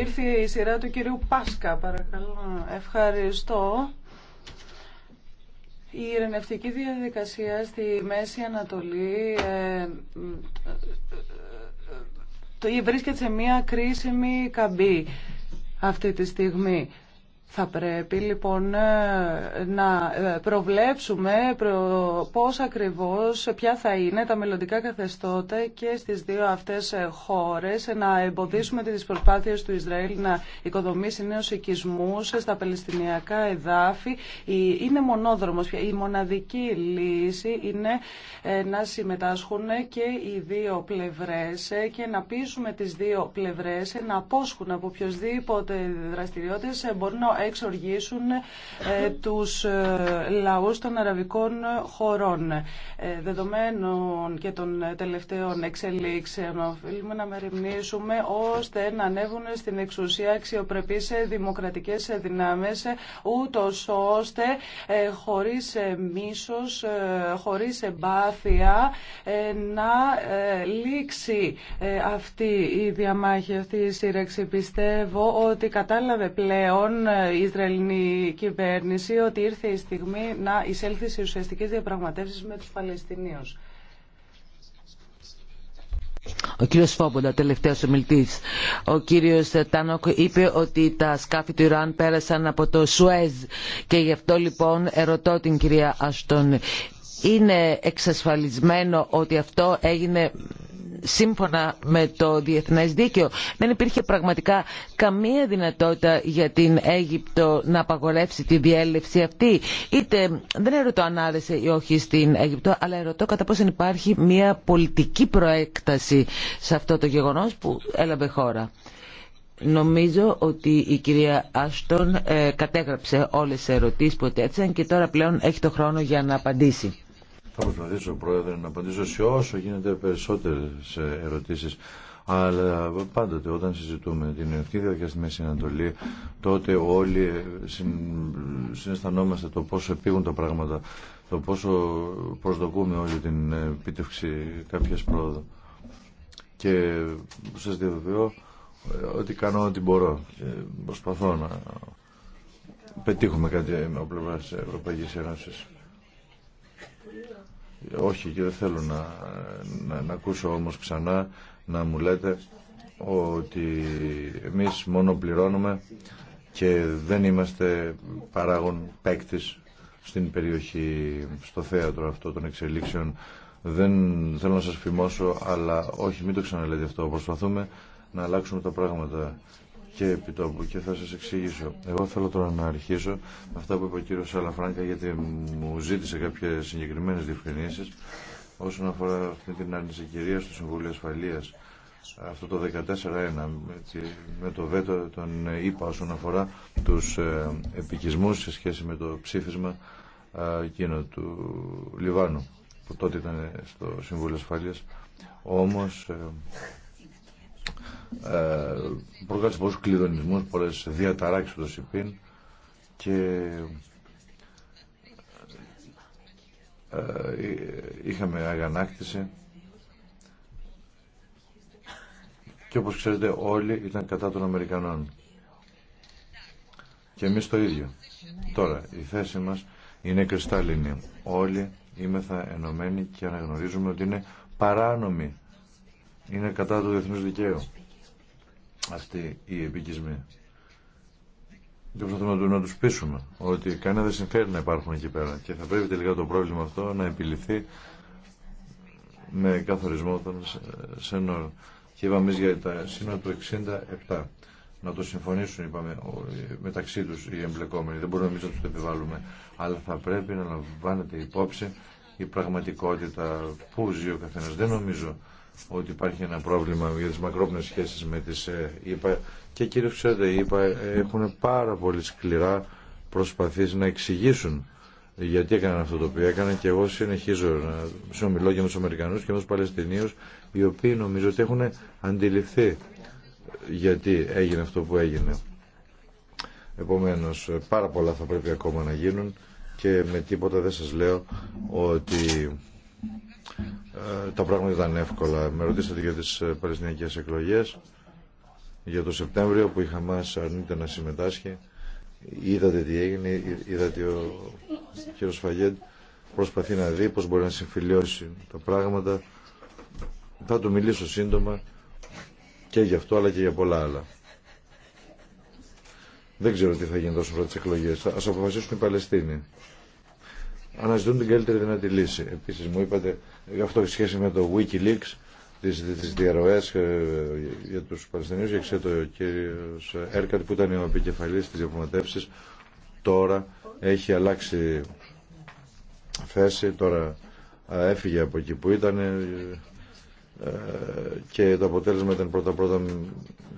Ήρθε η σειρά του κυρίου Πάσκα, παρακαλώ. Ευχαριστώ. Η ειρηνευτική διαδικασία στη Μέση Ανατολή ε, βρίσκεται σε μια κρίσιμη καμπή αυτή τη στιγμή. Θα πρέπει λοιπόν ε, να ε, προβλέψουμε πώς ακριβώς, ποια θα είναι τα μελλοντικά καθεστώτα και στις δύο αυτές ε, χώρες να εμποδίσουμε τις προσπάθειες του Ισραήλ να οικοδομήσει νέους οικισμούς στα Παλαιστινιακά εδάφη. Είναι μονόδρομος Η μοναδική λύση είναι να συμμετάσχουν και οι δύο πλευρές και να πείσουμε τις δύο πλευρές να απόσχουν από οποιοδήποτε δραστηριότητες εξοργήσουν ε, τους ε, λαούς των αραβικών χωρών. Ε, δεδομένων και των τελευταίων εξελίξεων οφείλουμε να μεριμνήσουμε ώστε να ανέβουν στην εξουσία αξιοπρεπείς δημοκρατικές δυνάμεις ούτως ώστε χωρίς μίσος, χωρίς εμπάθεια να λήξει αυτή η διαμάχη, αυτή η σύρεξη. Πιστεύω ότι κατάλαβε πλέον η Ισραηλινή κυβέρνηση ότι ήρθε η στιγμή να εισέλθει σε ουσιαστικές διαπραγματεύσεις με τους Παλαιστινίους. Ο κύριο Φόμποντα, τελευταίο ομιλητή. Ο κύριο Τάνοκ είπε ότι τα σκάφη του Ιράν πέρασαν από το Σουέζ και γι' αυτό λοιπόν ερωτώ την κυρία Αστον. Είναι εξασφαλισμένο ότι αυτό έγινε σύμφωνα με το διεθνές δίκαιο. Δεν υπήρχε πραγματικά καμία δυνατότητα για την Αίγυπτο να απαγορεύσει τη διέλευση αυτή. Είτε δεν ερωτώ αν άρεσε ή όχι στην Αίγυπτο, αλλά ερωτώ κατά πόσον υπάρχει μια πολιτική προέκταση σε αυτό το γεγονός που έλαβε χώρα. Νομίζω ότι η κυρία Άστον ε, κατέγραψε όλες τις που που έτσι και τώρα πλέον έχει το χρόνο για να απαντήσει. Θα προσπαθήσω, Πρόεδρε, να απαντήσω σε όσο γίνεται περισσότερες ε, ερωτήσεις. Αλλά πάντοτε όταν συζητούμε την ενευτική διαδικασία στη Μέση Ανατολή, τότε όλοι ε, συναισθανόμαστε το πόσο επίγουν τα πράγματα, το πόσο προσδοκούμε όλη την επίτευξη κάποιας πρόοδου. Και σας διαβεβαιώ ε, ότι κάνω ό,τι μπορώ και προσπαθώ να πετύχουμε κάτι από πλευρά Ευρωπαϊκής Ένωσης. Όχι και δεν θέλω να, να, να ακούσω όμως ξανά να μου λέτε ότι εμείς μόνο πληρώνουμε και δεν είμαστε παράγον παίκτη στην περιοχή, στο θέατρο αυτό των εξελίξεων. Δεν θέλω να σας φημώσω, αλλά όχι μην το ξαναλέτε αυτό. Προσπαθούμε να αλλάξουμε τα πράγματα και επιτόπου και θα σας εξηγήσω. Εγώ θέλω τώρα να αρχίσω με αυτά που είπε ο κύριος Σαλαφράγκα γιατί μου ζήτησε κάποιες συγκεκριμένες διευκρινήσεις όσον αφορά αυτή την άρνηση κυρία του Συμβουλίου Ασφαλείας αυτό το 14-1 με το βέτο τον είπα όσον αφορά τους ε, επικισμούς σε σχέση με το ψήφισμα εκείνο του Λιβάνου που τότε ήταν στο Συμβούλιο Ασφαλείας όμως ε, ε, προκάλεσε πολλούς κλειδονισμούς, πολλές διαταράξεις του ΣΥΠΗΝ και ε, είχαμε αγανάκτηση και όπως ξέρετε όλοι ήταν κατά των Αμερικανών και εμείς το ίδιο τώρα η θέση μας είναι κρυστάλλινη όλοι είμεθα ενωμένοι και αναγνωρίζουμε ότι είναι παράνομη είναι κατά του διεθνούς δικαίου αυτή η επικισμή. Και προσπαθούμε να τους πείσουμε ότι κανένα δεν συμφέρει να υπάρχουν εκεί πέρα και θα πρέπει τελικά το πρόβλημα αυτό να επιληθεί με καθορισμό των σενόρων. Και είπαμε εμείς για τα σύνορα του 67 να το συμφωνήσουν είπαμε, μεταξύ τους οι εμπλεκόμενοι. Δεν μπορούμε να τους το επιβάλλουμε. Αλλά θα πρέπει να λαμβάνεται υπόψη η πραγματικότητα που ζει ο καθένας. Δεν νομίζω ότι υπάρχει ένα πρόβλημα για τις μακρόπνες σχέσεις με τις ΕΠΑ και κύριε ξέρετε οι ΕΠΑ έχουν πάρα πολύ σκληρά προσπαθήσει να εξηγήσουν γιατί έκαναν αυτό το οποίο έκαναν και εγώ συνεχίζω να συνομιλώ και με τους Αμερικανούς και με τους Παλαιστινίους οι οποίοι νομίζω ότι έχουν αντιληφθεί γιατί έγινε αυτό που έγινε. Επομένως πάρα πολλά θα πρέπει ακόμα να γίνουν και με τίποτα δεν σας λέω ότι ε, τα πράγματα ήταν εύκολα. Με ρωτήσατε για τις ε, Παλαιστινιακές εκλογές για το Σεπτέμβριο που η Χαμάς αρνείται να συμμετάσχει. Είδατε τι έγινε, είδατε ο κ. Φαγέντ προσπαθεί να δει πώς μπορεί να συμφιλιώσει τα πράγματα. Θα του μιλήσω σύντομα και γι' αυτό αλλά και για πολλά άλλα. Δεν ξέρω τι θα γίνει τόσο πρώτα εκλογές ας Α αποφασίσουν οι Παλαιστίνοι αναζητούν την καλύτερη δυνατή λύση. Επίσης μου είπατε αυτό έχει σχέση με το Wikileaks, τις, τις διαρροές ε, για τους Παλαιστινίους και ξέρω ο κύριος Έρκατ που ήταν ο επικεφαλής της διαπραγματεύσης, τώρα έχει αλλάξει θέση, τώρα έφυγε από εκεί που ήταν ε, και το αποτέλεσμα ήταν πρώτα πρώτα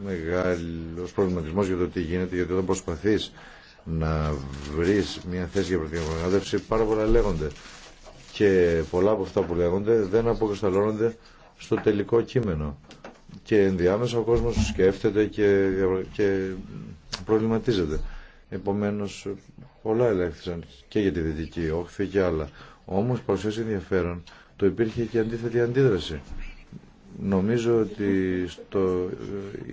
μεγάλος προβληματισμός για το τι γίνεται γιατί όταν προσπαθείς να βρεις μια θέση για προδιαπραγμάτευση πάρα πολλά λέγονται και πολλά από αυτά που λέγονται δεν αποκρισταλώνονται στο τελικό κείμενο και ενδιάμεσα ο κόσμος σκέφτεται και, και προβληματίζεται επομένως πολλά ελέγχθησαν και για τη Δυτική Όχθη και άλλα όμως παρουσιάζει ενδιαφέρον το υπήρχε και αντίθετη αντίδραση νομίζω ότι στο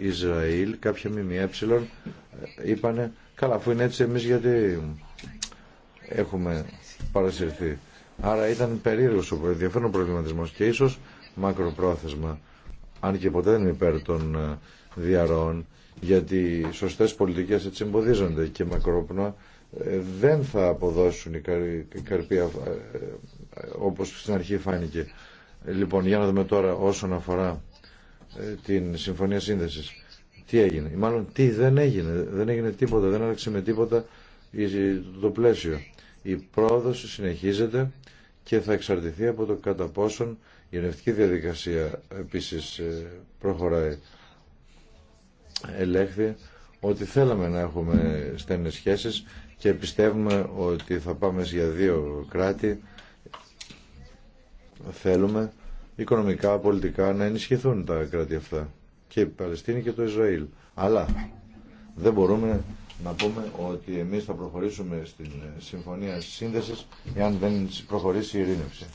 Ισραήλ κάποια ΜΜΕ ε, είπανε Καλά, αφού είναι έτσι εμείς γιατί έχουμε παρασυρθεί. Άρα ήταν περίεργος ο ενδιαφέρον προβληματισμός και ίσως μακροπρόθεσμα, αν και ποτέ δεν είναι υπέρ των ε, διαρροών, γιατί οι σωστές πολιτικές έτσι εμποδίζονται και μακρόπνοα ε, δεν θα αποδώσουν οι καρποί ε, όπως στην αρχή φάνηκε. Λοιπόν, για να δούμε τώρα όσον αφορά την Συμφωνία Σύνδεσης τι έγινε, μάλλον τι δεν έγινε, δεν έγινε τίποτα, δεν άλλαξε με τίποτα το πλαίσιο. Η πρόοδος συνεχίζεται και θα εξαρτηθεί από το κατά πόσον η ενευτική διαδικασία επίσης ε, προχωράει. Ελέγχθη ότι θέλαμε να έχουμε στενές σχέσεις και πιστεύουμε ότι θα πάμε για δύο κράτη. Θέλουμε οικονομικά, πολιτικά να ενισχυθούν τα κράτη αυτά και η Παλαιστίνη και το Ισραήλ. Αλλά δεν μπορούμε να πούμε ότι εμείς θα προχωρήσουμε στην ε, συμφωνία σύνδεσης εάν δεν προχωρήσει η ειρήνευση.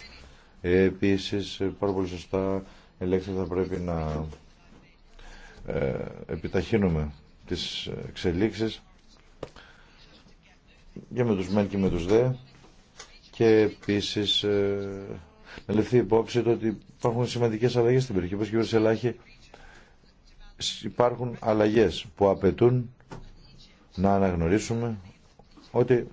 Ε, επίσης, ε, πάρα πολύ σωστά λέξη θα πρέπει να επιταχύνουμε τις εξελίξεις για με τους μεν και με τους δε και επίσης να ληφθεί υπόψη το ότι υπάρχουν σημαντικές αλλαγές στην περιοχή όπως και ο υπάρχουν αλλαγές που απαιτούν να αναγνωρίσουμε ότι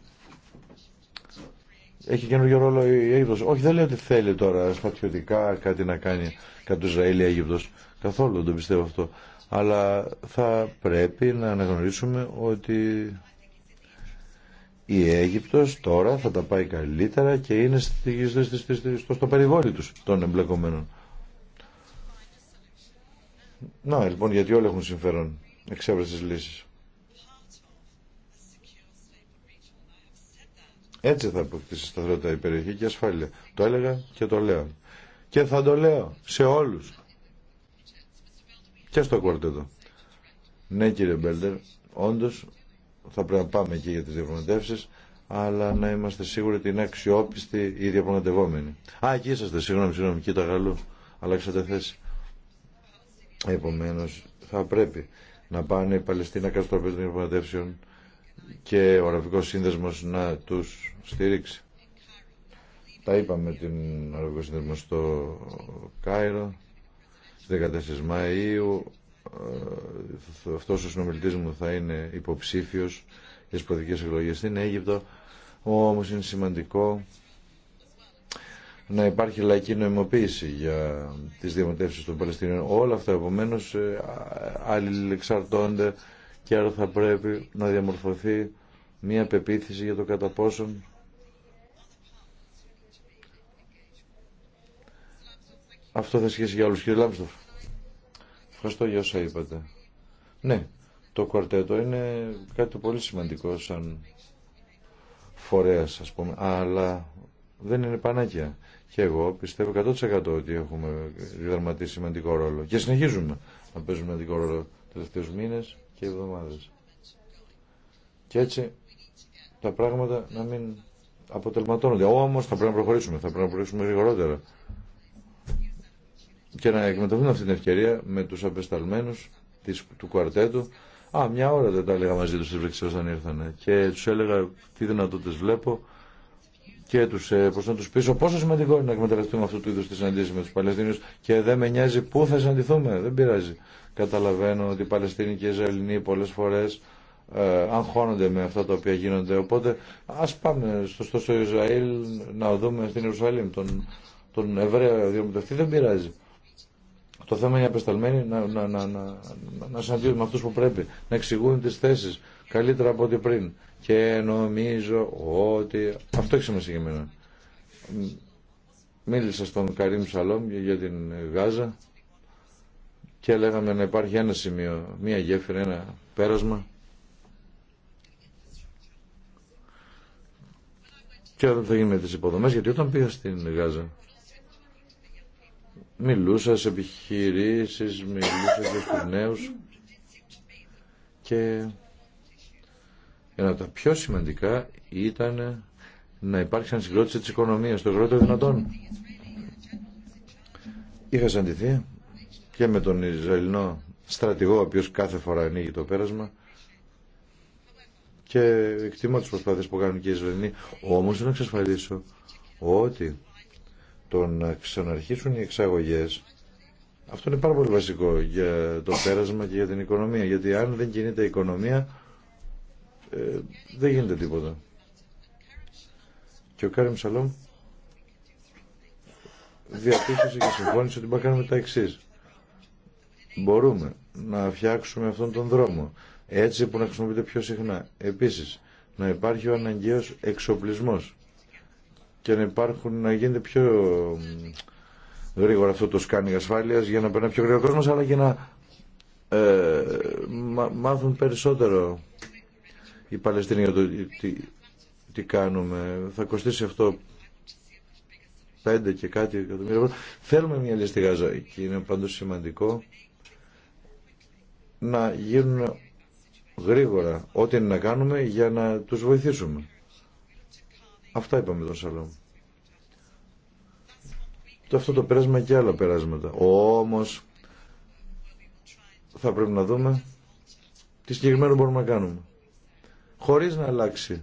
έχει καινούργιο ρόλο η Αίγυπτος. Όχι, δεν λέω ότι θέλει τώρα σπατιωτικά κάτι να κάνει κατά του Ισραήλ η Αίγυπτος. Καθόλου δεν το πιστεύω αυτό. Αλλά θα πρέπει να αναγνωρίσουμε ότι η Αίγυπτος τώρα θα τα πάει καλύτερα και είναι στο, στο, στο, στο περιβόλι τους των εμπλεκομένων. Να, λοιπόν, γιατί όλοι έχουν συμφέρον εξέβρεσης λύση. Έτσι θα αποκτήσει σταθερότητα η περιοχή και ασφάλεια. Το έλεγα και το λέω. Και θα το λέω σε όλους. Και στο κόρτετο. Ναι κύριε Μπέλτερ, όντως θα πρέπει να πάμε εκεί για τις διαπραγματεύσεις, αλλά να είμαστε σίγουροι ότι είναι αξιόπιστοι οι διαπραγματευόμενοι. Α, εκεί είσαστε, συγγνώμη, συγγνώμη, κοίτα γαλλού, αλλάξατε θέση. Επομένως θα πρέπει να πάνε οι Παλαιστίνα κατά των διαπραγματεύσεων και ο Αραβικό Σύνδεσμος να του στηρίξει. Τα είπαμε την Αραβικό Σύνδεσμο στο Κάιρο, 14 Μαΐου. Ε, αυτός ο συνομιλητής μου θα είναι υποψήφιος για τις προεδρικές εκλογές στην Αίγυπτο. Όμως είναι σημαντικό να υπάρχει λαϊκή νοημοποίηση για τις διαμετεύσεις των Παλαιστινίων. Όλα αυτά επομένω ε, αλληλεξαρτώνται και άρα θα πρέπει να διαμορφωθεί μία πεποίθηση για το κατά πόσον αυτό θα σχέσει για όλους. Κύριε Λάμπστοφ, ευχαριστώ για όσα είπατε. Ναι, το κορτέτο είναι κάτι πολύ σημαντικό σαν φορέας ας πούμε, αλλά δεν είναι πανάκια. Και εγώ πιστεύω 100% ότι έχουμε διδαρματίσει σημαντικό ρόλο. Και συνεχίζουμε να παίζουμε σημαντικό ρόλο τελευταίους μήνες και εβδομάδες. Και έτσι τα πράγματα να μην αποτελματώνονται. Όμως θα πρέπει να προχωρήσουμε, θα πρέπει να προχωρήσουμε γρηγορότερα. Και να εκμεταλλευτούμε αυτή την ευκαιρία με τους απεσταλμένους του κουαρτέτου. Α, μια ώρα δεν τα έλεγα μαζί τους στις Βρυξέλλες όταν ήρθανε. Και τους έλεγα τι δυνατότητες βλέπω και του ε, προς να του πείσω πόσο σημαντικό είναι να εκμεταλλευτούμε αυτού του είδου τη συναντήση με του Παλαιστίνιου και δεν με νοιάζει πού θα συναντηθούμε. Δεν πειράζει. Καταλαβαίνω ότι οι Παλαιστίνοι και οι Ισραηλοί πολλέ φορέ ε, αγχώνονται με αυτά τα οποία γίνονται. Οπότε α πάμε στο, στο Ισραήλ να δούμε στην Ιερουσαλήμ τον, τον Εβραίο διομητευτή. Δεν πειράζει. Το θέμα είναι απεσταλμένοι να, να, να, να, να με αυτού που πρέπει, να εξηγούν τι θέσει καλύτερα από ό,τι πριν. Και νομίζω ότι αυτό έχει σημασία για μένα. Μίλησα στον Καρίμ Σαλόμ για την Γάζα και λέγαμε να υπάρχει ένα σημείο, μία γέφυρα, ένα πέρασμα. Και όταν θα γίνει με τις υποδομές, γιατί όταν πήγα στην Γάζα, μιλούσα σε επιχειρήσεις, μιλούσα του νέους και ένα από τα πιο σημαντικά ήταν να υπάρξει τη της οικονομίας, το γρότερο δυνατόν. Είχα συναντηθεί και με τον Ισραηλινό στρατηγό, ο οποίος κάθε φορά ανοίγει το πέρασμα και εκτιμώ τις προσπάθειες που κάνουν και οι Ισραηλινοί. Όμως να εξασφαλίσω ότι το να ξαναρχίσουν οι εξαγωγές αυτό είναι πάρα πολύ βασικό για το πέρασμα και για την οικονομία. Γιατί αν δεν κινείται η οικονομία ε, δεν γίνεται τίποτα. Και ο Κάριμ Σαλόμ διαπίστωσε και συμφώνησε ότι μπορούμε να κάνουμε τα εξή. Μπορούμε να φτιάξουμε αυτόν τον δρόμο έτσι που να χρησιμοποιείται πιο συχνά. Επίσης, να υπάρχει ο αναγκαίος εξοπλισμός και να, υπάρχουν, να γίνεται πιο γρήγορα αυτό το σκάνι ασφάλεια για να περνάει πιο γρήγορα κόσμο, αλλά και να ε, μάθουν περισσότερο η Παλαιστίνη για το τι, κάνουμε. Θα κοστίσει αυτό πέντε και κάτι εκατομμύρια ευρώ. Θέλουμε μια λύση στη Γάζα και είναι πάντως σημαντικό να γίνουν γρήγορα ό,τι είναι να κάνουμε για να τους βοηθήσουμε. Αυτά είπαμε τον Σαλόμ. Το αυτό το πέρασμα και άλλα περάσματα. Όμως θα πρέπει να δούμε τι συγκεκριμένο μπορούμε να κάνουμε χωρίς να αλλάξει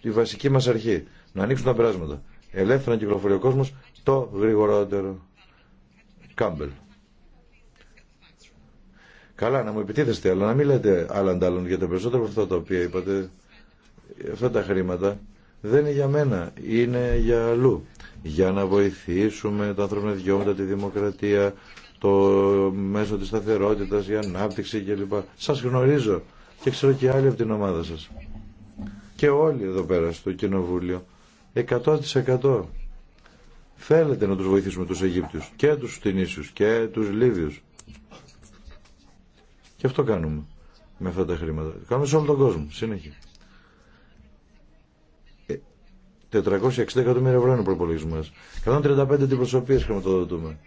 τη βασική μας αρχή. Να ανοίξουν τα περάσματα. Ελεύθερα να κυκλοφορεί ο κόσμος το γρηγορότερο. Κάμπελ. Καλά, να μου επιτίθεστε, αλλά να μην λέτε άλλα για τα περισσότερα από αυτά τα οποία είπατε. Αυτά τα χρήματα δεν είναι για μένα, είναι για αλλού. Για να βοηθήσουμε τα ανθρώπινα τη δημοκρατία, το μέσο της σταθερότητας, η ανάπτυξη κλπ. Σας γνωρίζω και ξέρω και άλλοι από την ομάδα σας. Και όλοι εδώ πέρα στο Κοινοβούλιο. 100% θέλετε να τους βοηθήσουμε τους Αιγύπτιους και τους Τινήσιους και τους Λίβιους. Και αυτό κάνουμε με αυτά τα χρήματα. Κάνουμε σε όλο τον κόσμο, συνέχεια. 460 ε, εκατομμύρια ευρώ είναι ο προπολογισμό. 135 αντιπροσωπείε χρηματοδοτούμε.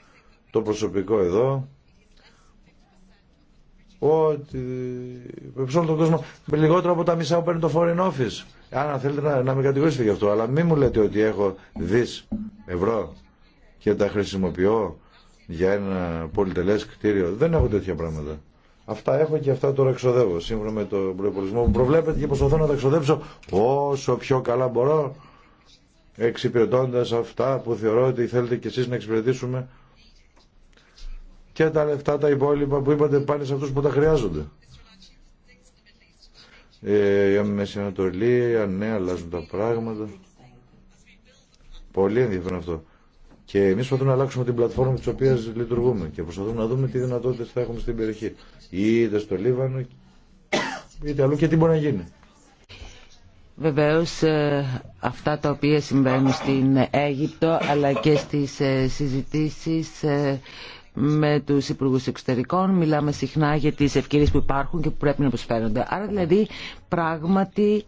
Το προσωπικό εδώ, ότι σε όλο τον κόσμο λιγότερο από τα μισά που παίρνει το foreign office. Αν θέλετε να, να με κατηγορήσετε γι' αυτό, αλλά μην μου λέτε ότι έχω δι ευρώ και τα χρησιμοποιώ για ένα πολυτελέ κτίριο. Δεν έχω τέτοια πράγματα. Αυτά έχω και αυτά τώρα εξοδεύω σύμφωνα με τον προπολογισμό που προβλέπετε και προσπαθώ να τα εξοδέψω όσο πιο καλά μπορώ εξυπηρετώντα αυτά που θεωρώ ότι θέλετε κι εσείς να εξυπηρετήσουμε και τα λεφτά τα υπόλοιπα που είπατε πάνε σε αυτούς που τα χρειάζονται. Ε, η Μέση Ανατολή, ναι, αλλάζουν τα πράγματα. Πολύ ενδιαφέρον αυτό. Και εμείς προσπαθούμε να αλλάξουμε την πλατφόρμα τη οποία λειτουργούμε και προσπαθούμε να δούμε τι δυνατότητε θα έχουμε στην περιοχή. Είτε στο Λίβανο, είτε αλλού και τι μπορεί να γίνει. Βεβαίω ε, αυτά τα οποία συμβαίνουν στην Αίγυπτο αλλά και στις ε, συζητήσεις... Ε, με τους υπουργού εξωτερικών, μιλάμε συχνά για τις ευκαιρίε που υπάρχουν και που πρέπει να προσφέρονται. Άρα δηλαδή πράγματι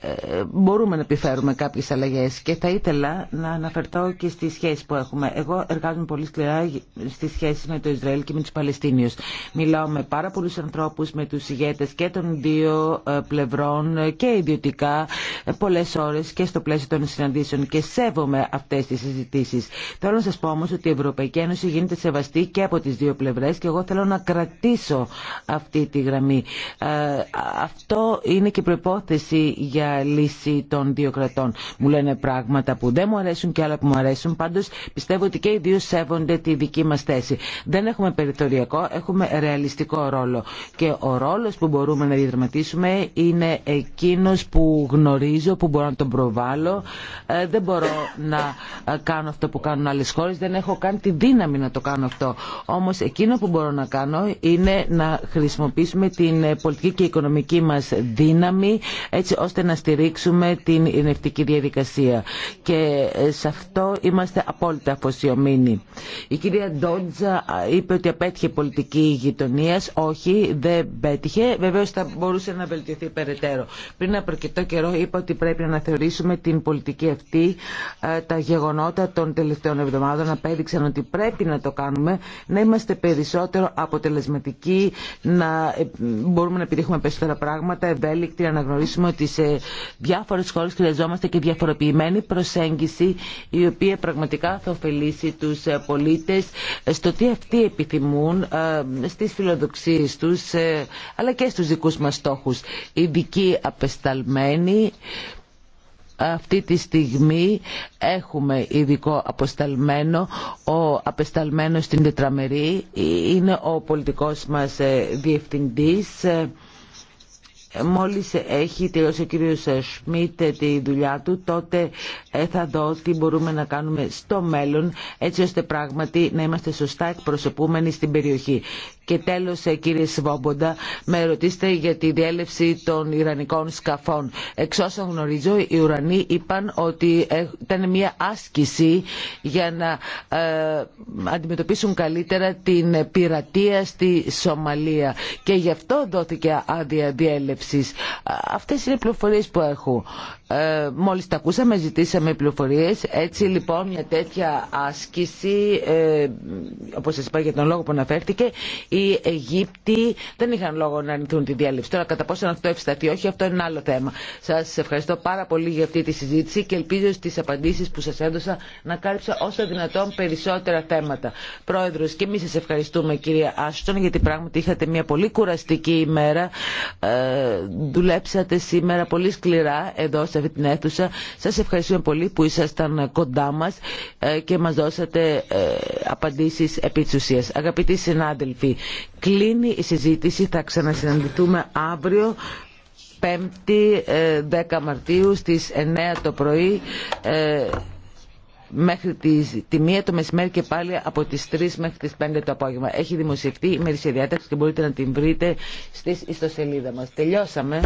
ε, μπορούμε να επιφέρουμε κάποιες αλλαγές και θα ήθελα να αναφερθώ και στις σχέσεις που έχουμε. Εγώ εργάζομαι πολύ σκληρά στις σχέσεις με το Ισραήλ και με τους Παλαιστίνιους. Μιλάω με πάρα πολλούς ανθρώπους, με τους ηγέτες και των δύο ε, πλευρών ε, και ιδιωτικά πολλές ώρες και στο πλαίσιο των συναντήσεων και σέβομαι αυτές τις συζητήσεις. Θέλω να σας πω όμως ότι η Ευρωπαϊκή Ένωση γίνεται σεβαστή και από τις δύο πλευρές και εγώ θέλω να κρατήσω αυτή τη γραμμή. αυτό είναι και προπόθεση για λύση των δύο κρατών. Μου λένε πράγματα που δεν μου αρέσουν και άλλα που μου αρέσουν. πάντω. πιστεύω ότι και οι δύο σέβονται τη δική μα θέση. Δεν έχουμε περιθωριακό, έχουμε ρεαλιστικό ρόλο. Και ο ρόλο που μπορούμε να διαδραματίσουμε είναι εκείνο που γνωρίζω, που μπορώ να τον προβάλλω. Ε, δεν μπορώ να ε, κάνω αυτό που κάνουν άλλε χώρε. Δεν έχω καν τη δύναμη να το κάνω αυτό. Όμω εκείνο που μπορώ να κάνω είναι να χρησιμοποιήσουμε την πολιτική και οικονομική μα δύναμη έτσι ώστε να στηρίξουμε την ειρηνευτική διαδικασία. Και ε, σε αυτό είμαστε απόλυτα αφοσιωμένοι. Η κυρία Ντότζα είπε ότι απέτυχε πολιτική γειτονία. Όχι, δεν πέτυχε. Βεβαίω θα μπορούσε να βελτιωθεί περαιτέρω. Πριν από αρκετό καιρό είπα ότι πρέπει να θεωρήσουμε την πολιτική αυτή. Τα γεγονότα των τελευταίων εβδομάδων απέδειξαν ότι πρέπει να το κάνουμε, να είμαστε περισσότερο αποτελεσματικοί, να ε, μπορούμε να επιτύχουμε περισσότερα πράγματα, ευέλικτοι, να αναγνωρίσουμε ότι σε διάφορες χώρες χρειαζόμαστε και διαφοροποιημένη προσέγγιση η οποία πραγματικά θα ωφελήσει τους ε, πολίτες στο τι αυτοί επιθυμούν, ε, στις φιλοδοξίες τους ε, αλλά και στους δικούς μας στόχους. Ειδικοί απεσταλμένοι αυτή τη στιγμή έχουμε ειδικό αποσταλμένο Ο απεσταλμένος στην Τετραμερή είναι ο πολιτικός μας διευθυντής ε, μόλις έχει τελειώσει ο κύριος Σμιτ ε, τη δουλειά του, τότε ε, θα δω τι μπορούμε να κάνουμε στο μέλλον, έτσι ώστε πράγματι να είμαστε σωστά εκπροσωπούμενοι στην περιοχή. Και τέλος ε, κύριε Σβόμποντα με ρωτήσετε για τη διέλευση των Ιρανικών σκαφών. Εξ όσων γνωρίζω οι ουρανοί είπαν ότι ήταν μια άσκηση για να ε, αντιμετωπίσουν καλύτερα την πειρατεία στη Σομαλία και γι' αυτό δόθηκε άδεια διέλευσης. Αυτές είναι οι πληροφορίες που έχω. Ε, μόλις τα ακούσαμε ζητήσαμε πληροφορίες έτσι λοιπόν μια τέτοια άσκηση ε, όπως σας είπα για τον λόγο που αναφέρθηκε οι Αιγύπτιοι δεν είχαν λόγο να αρνηθούν τη διάλευση τώρα κατά πόσο αυτό ευσταθεί όχι αυτό είναι άλλο θέμα σας ευχαριστώ πάρα πολύ για αυτή τη συζήτηση και ελπίζω στις απαντήσεις που σας έδωσα να κάλυψα όσο δυνατόν περισσότερα θέματα Πρόεδρος και εμείς σας ευχαριστούμε κυρία Άστον γιατί πράγματι είχατε μια πολύ κουραστική ημέρα ε, δουλέψατε σήμερα πολύ σκληρά εδώ αυτή την αίθουσα. Σας ευχαριστούμε πολύ που ήσασταν κοντά μας ε, και μας δώσατε ε, απαντήσεις επί της ουσίας. Αγαπητοί συνάδελφοι, κλείνει η συζήτηση. Θα ξανασυναντηθούμε αύριο. 5η 10 ε, Μαρτίου στις 9 το πρωί μέχρι τη μία το μεσημέρι και πάλι από τις 3 μέχρι τις 5 το απόγευμα. Έχει δημοσιευτεί η μερισσία διάταξη και μπορείτε να την βρείτε στις ιστοσελίδα μας. Τελειώσαμε.